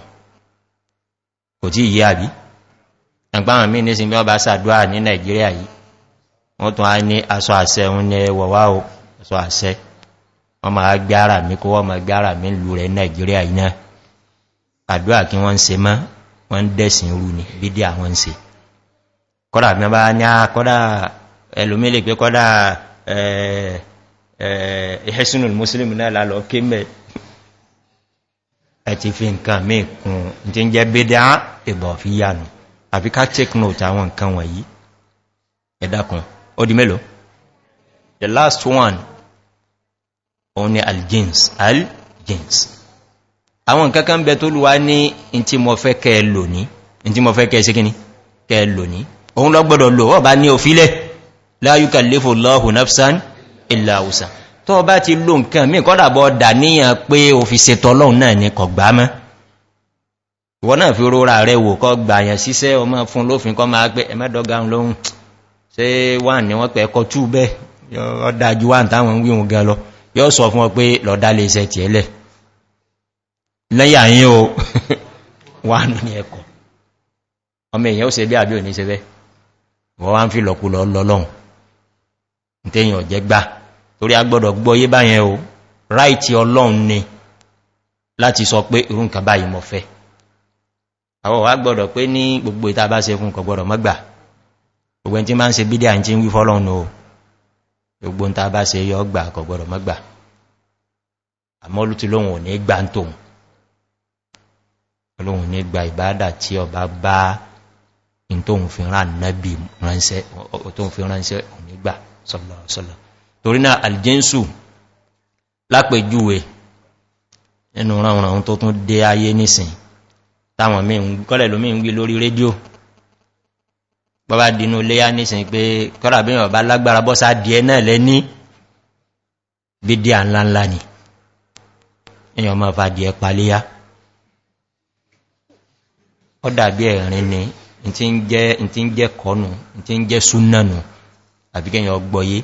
kò tí yí àbí ẹgbàmà mí nísìn bí wọ́n bá sàdúrà ní nàìjíríà yìí wọ́n tún á ní aṣọ àṣẹ òun ní wọ̀wá o aṣọ àṣẹ wọ́n ma gbé ara mi kó wọ́n ma gbé ara mi lù rẹ̀ nàìjíríà yìí náà àdúrà kí wọ́n ń se mọ́ wọ́n ń dẹ̀sìn rú ni bídí àwọn ń se kọ́dà ẹ̀tì fi nǹkan mẹ́kùn tí ń jẹ́ bédá ìbọ̀ fi yànù àfi ká take note àwọn nǹkan wọ̀nyí ẹ̀dàkùn ó di mélòó the last one òun ni aljins aljins àwọn nǹkan kan bẹ tó lùwá ní in tí mo fẹ́ kẹ lò ní in tí mo fẹ́ kẹ síkíní kẹ lò ní òun lọ lò ní tó bá ti lò nǹkan mí kọ́dàbọ̀ dà níyàn pé o fi ṣètọ́ lọ́un náà ní kọ̀gbá mọ́ ìwọ náà fi rora rẹ̀ wò kọ́ gbàyàn síṣẹ́ ọmọ fún lófin kọ́ máa pé ẹmẹ́dọ́gáun lóhun ṣe wà ní wọ́n pẹ̀ ẹkọ tú bẹ́ ọdájú wà táwọn wíhun gan lọ yóò sọ fún ọ pé lọ́dá lè ṣẹ tiẹ̀ lẹ̀ lẹ́yà yín o wà ní ẹkọ̀ ọmọ èèyàn ó ṣe bí àbí òní ṣe bẹ́ wọ́n wá ń fi lọ́kù lọ́ lọ́lọ́hun torí agbọ́dọ̀ gbọ́ yé báyẹn o ráìtì ọlọ́run ni láti sọ pé irun kan báyìí mọ̀ fẹ́ àwọn wà gbọ́dọ̀ pé ní gbogbo ìta bá se fún kọ gbọ́dọ̀ mọ́gbà gbogbo tí máa ń se bídí àti wí fọ́lọ́run o gbogbo ìta bá ti lóhun ò ní gbà ń tóhun olóhun ní gba ìbádà tí ọba torí náà aljensu lápẹjúwe nínú ránwọ̀n ohun tó tún dé ayé nìsìn táwọn mí kọ́lẹ̀ lómi ń gbí lórí rédíò bọ́bá dínú léyá nìsìn pé kọ́lá bí wọ́n bá lágbára bọ́sá díẹ̀ náà lẹ́ní bídíà ńláńlá ni èyàn máa fa díẹ̀ paléyá ọ dàbí ẹ̀rin ni ìtí ń jẹ́ kọ́nù ìtí ń jẹ́ súnnà nù àbíkẹ́yàn ọgbọ̀yé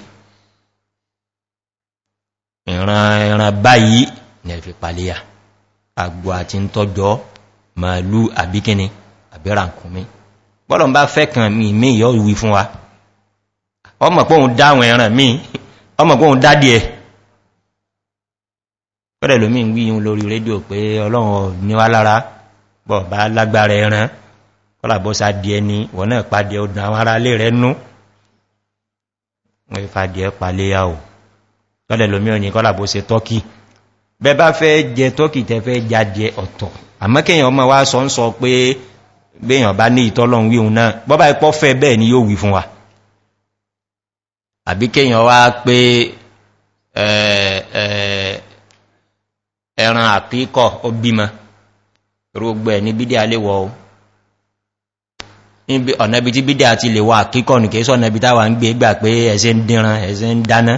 ìran ẹran báyìí ní ẹ̀fẹ́ paléyà àgbò àti ń tọ́jọ́ màálù àbíkíní àbẹ́rànkúnmí bọ́lọ̀ bá fẹ́ kan mi mí yọ́ ìwí fún wa ọmọ pọ́ òun dáwọn ẹran mi ọmọ pọ́ òun dádì ẹ pẹ́rẹ̀ lómi wí yún lórí rédíò pé ọlọ́run níwá wọ́n náà pàdé ò lọ́dẹ̀ lómi òní kọ́lá bó se tọ́kì bẹ bá fẹ́ jẹ tọ́kì tẹ fẹ́ jajẹ ọ̀tọ̀ àmọ́kẹ́yàn ọmọ wa sọ ń sọ pé béèyàn bá ní ìtọ́lọ́n wíhun náà bọ́bá ipọ́ fẹ́ bẹ́ẹ̀ ni yóò wí fún wa àbí kéèyàn wá pé ẹran àpíkọ̀ ó bímọ rúgbọ ẹ̀ ní ọ̀nà ibi tí bídí àti lè wọ àkíkọ̀ nìkẹ́ sọ̀nà ibi táwà ń gbé gbà pé ẹ̀ṣẹ́ ń dínran ẹ̀ṣẹ́ ń dáná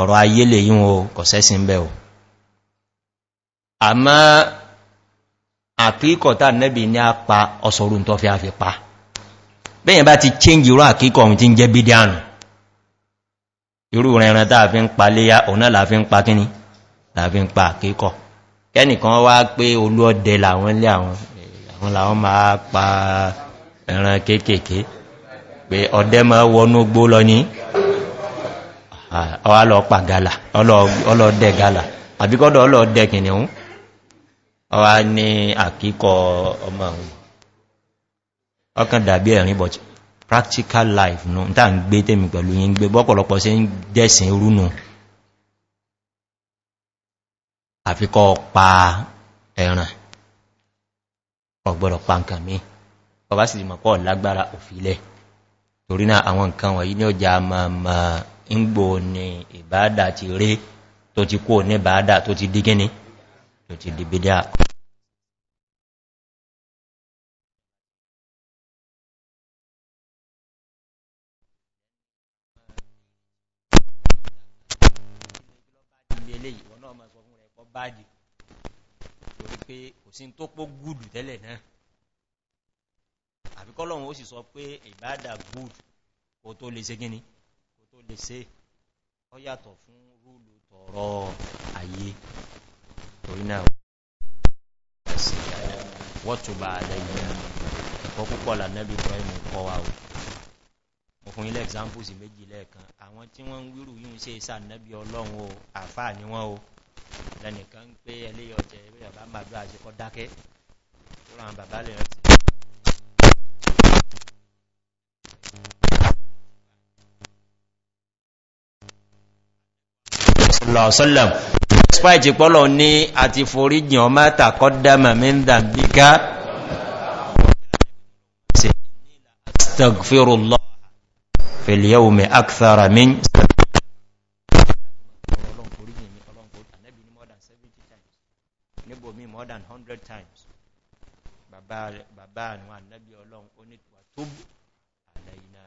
ọ̀rọ̀ ayé lè yí wọn kọ̀sẹ́sìn bẹ́ o àmá àkíkọ̀tà nẹ́bì ní a pa ọ̀sọ̀rún tó fi àfi pa bẹ́yìn bá ti change irú àkíkọ̀ ohun tí ń jẹ́ bídí ànù irú rẹ̀rẹ̀ tàà fi ń pa léyà ọ̀nà láàfin pa kíní láàfin pa àkíkọ̀ kẹ́nìkan wá pé olú ọdẹ làwọn lé àwọn làwọn máa pa ẹran kéèkèé pé ọdẹ máa wọnú gbó lọ ní ọwá lọ pa gala ọlọ́ọ̀dẹ́ gala àbíkọ́dọ̀ ọlọ́ọ̀dẹ́ kìnnìún ọwá ní àkíkọ ọmọ òun ọkàn dàbí ẹ̀rin but practical life nù tá ń gbé pẹ̀lú yí ń gbé bọ́pọ̀lọpọ̀ sí ń dẹ̀sìn rúnù àfikọ́ pa ẹ̀ràn ọgbọ̀rọ̀ ìgbò ní ìbáadà ti rí tó ti kó ní ìbáadà tó ti dí gíní tó ti di bídá báàdì ó sì sọ pé ìbáàdà gúùdù kò tó lè ṣe gíní gbèsè ọ yàtọ̀ fún rúlù tọ̀rọ ayé torí náà wọ́n tó bá àdáyìí púpọ̀ lànẹ́bí fún ẹ̀mù kọ́ wa o mo fún ilẹ̀ examples méjì lẹ́ẹ̀kan àwọn tí wọ́n ń wírù yíò ṣe ìsà nẹ́bí ọlọ́run o àfáà ni wọ́n o lẹ́nìkan ń pé ẹlẹ́yọ̀jẹ̀ ẹgbẹ́ bàbá màdúrà ṣe kọ́ dákẹ́ tó ràn bàbá lè rántí sallallahu despite pọ́lọ̀ ní àti foríjìn ọmọ àtàkọ́dámà mẹ́ndà bí ká astagfirullah fil yawmi akthara min more than 100 times bàbá àwọn annabi ọlọ́run ó ní wà tó bú àlẹ́ iná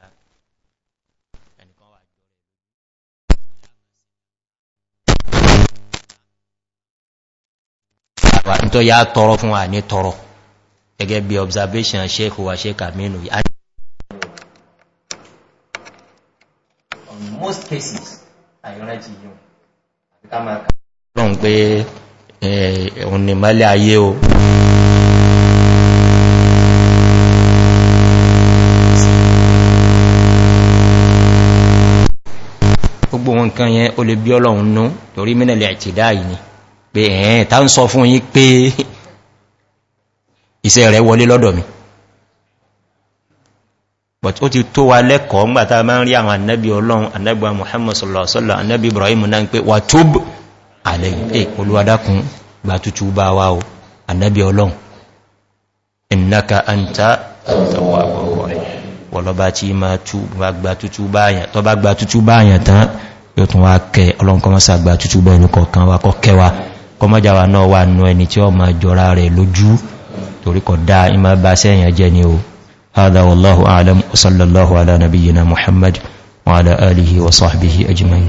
wà ní tó yá tọrọ fún wa ní tọrọ gẹ́gẹ́ bí observation sheikh wa sheikh aminu on most cases àyọ́rẹ́jì yíò ká máa ká lọ́n pé òun ni mẹ́lẹ̀ ayé o gbogbo wọn kan yẹn o lè bí ọlọ́run nú torí mínẹ̀lẹ̀ ẹ̀tìdá yìí ni pé ẹ̀ẹ́ ta ń sọ fún yín pé iṣẹ́ rẹ̀ wọlé lọ́dọ̀ mi but ó ti tó wa lẹ́kọ̀ọ́ ńgbàtà máa ń rí àwọn annabi ọlọ́run annabi muhammad sallallahu alaihi wasallam annabi ibrahim náà ń pé wà túb àlẹ́yìn olúwadákun gbà tútù bá wá o annabi ọlọ́run ìnáka àǹtà àtàwà àbọ̀wọ̀ rẹ̀ wọ́lọ́bá tí máa gbà tútù báyàn tán yóò tún wá kẹ ọlọ́nkọ́ mọ́sàgbà tútù bẹ́ẹ̀ kọ̀ọ̀kan wá kọ́ kẹwàá kọmọ́jáwà náà wà nù ẹni tí ó ma jọra rẹ̀ lójú toríkọ̀ dáa ima bá sẹ́yìn jẹ́ ni o هذا والله أعلم وصلى الله على نبينا محمد وعلى آله وصحبه أجمعين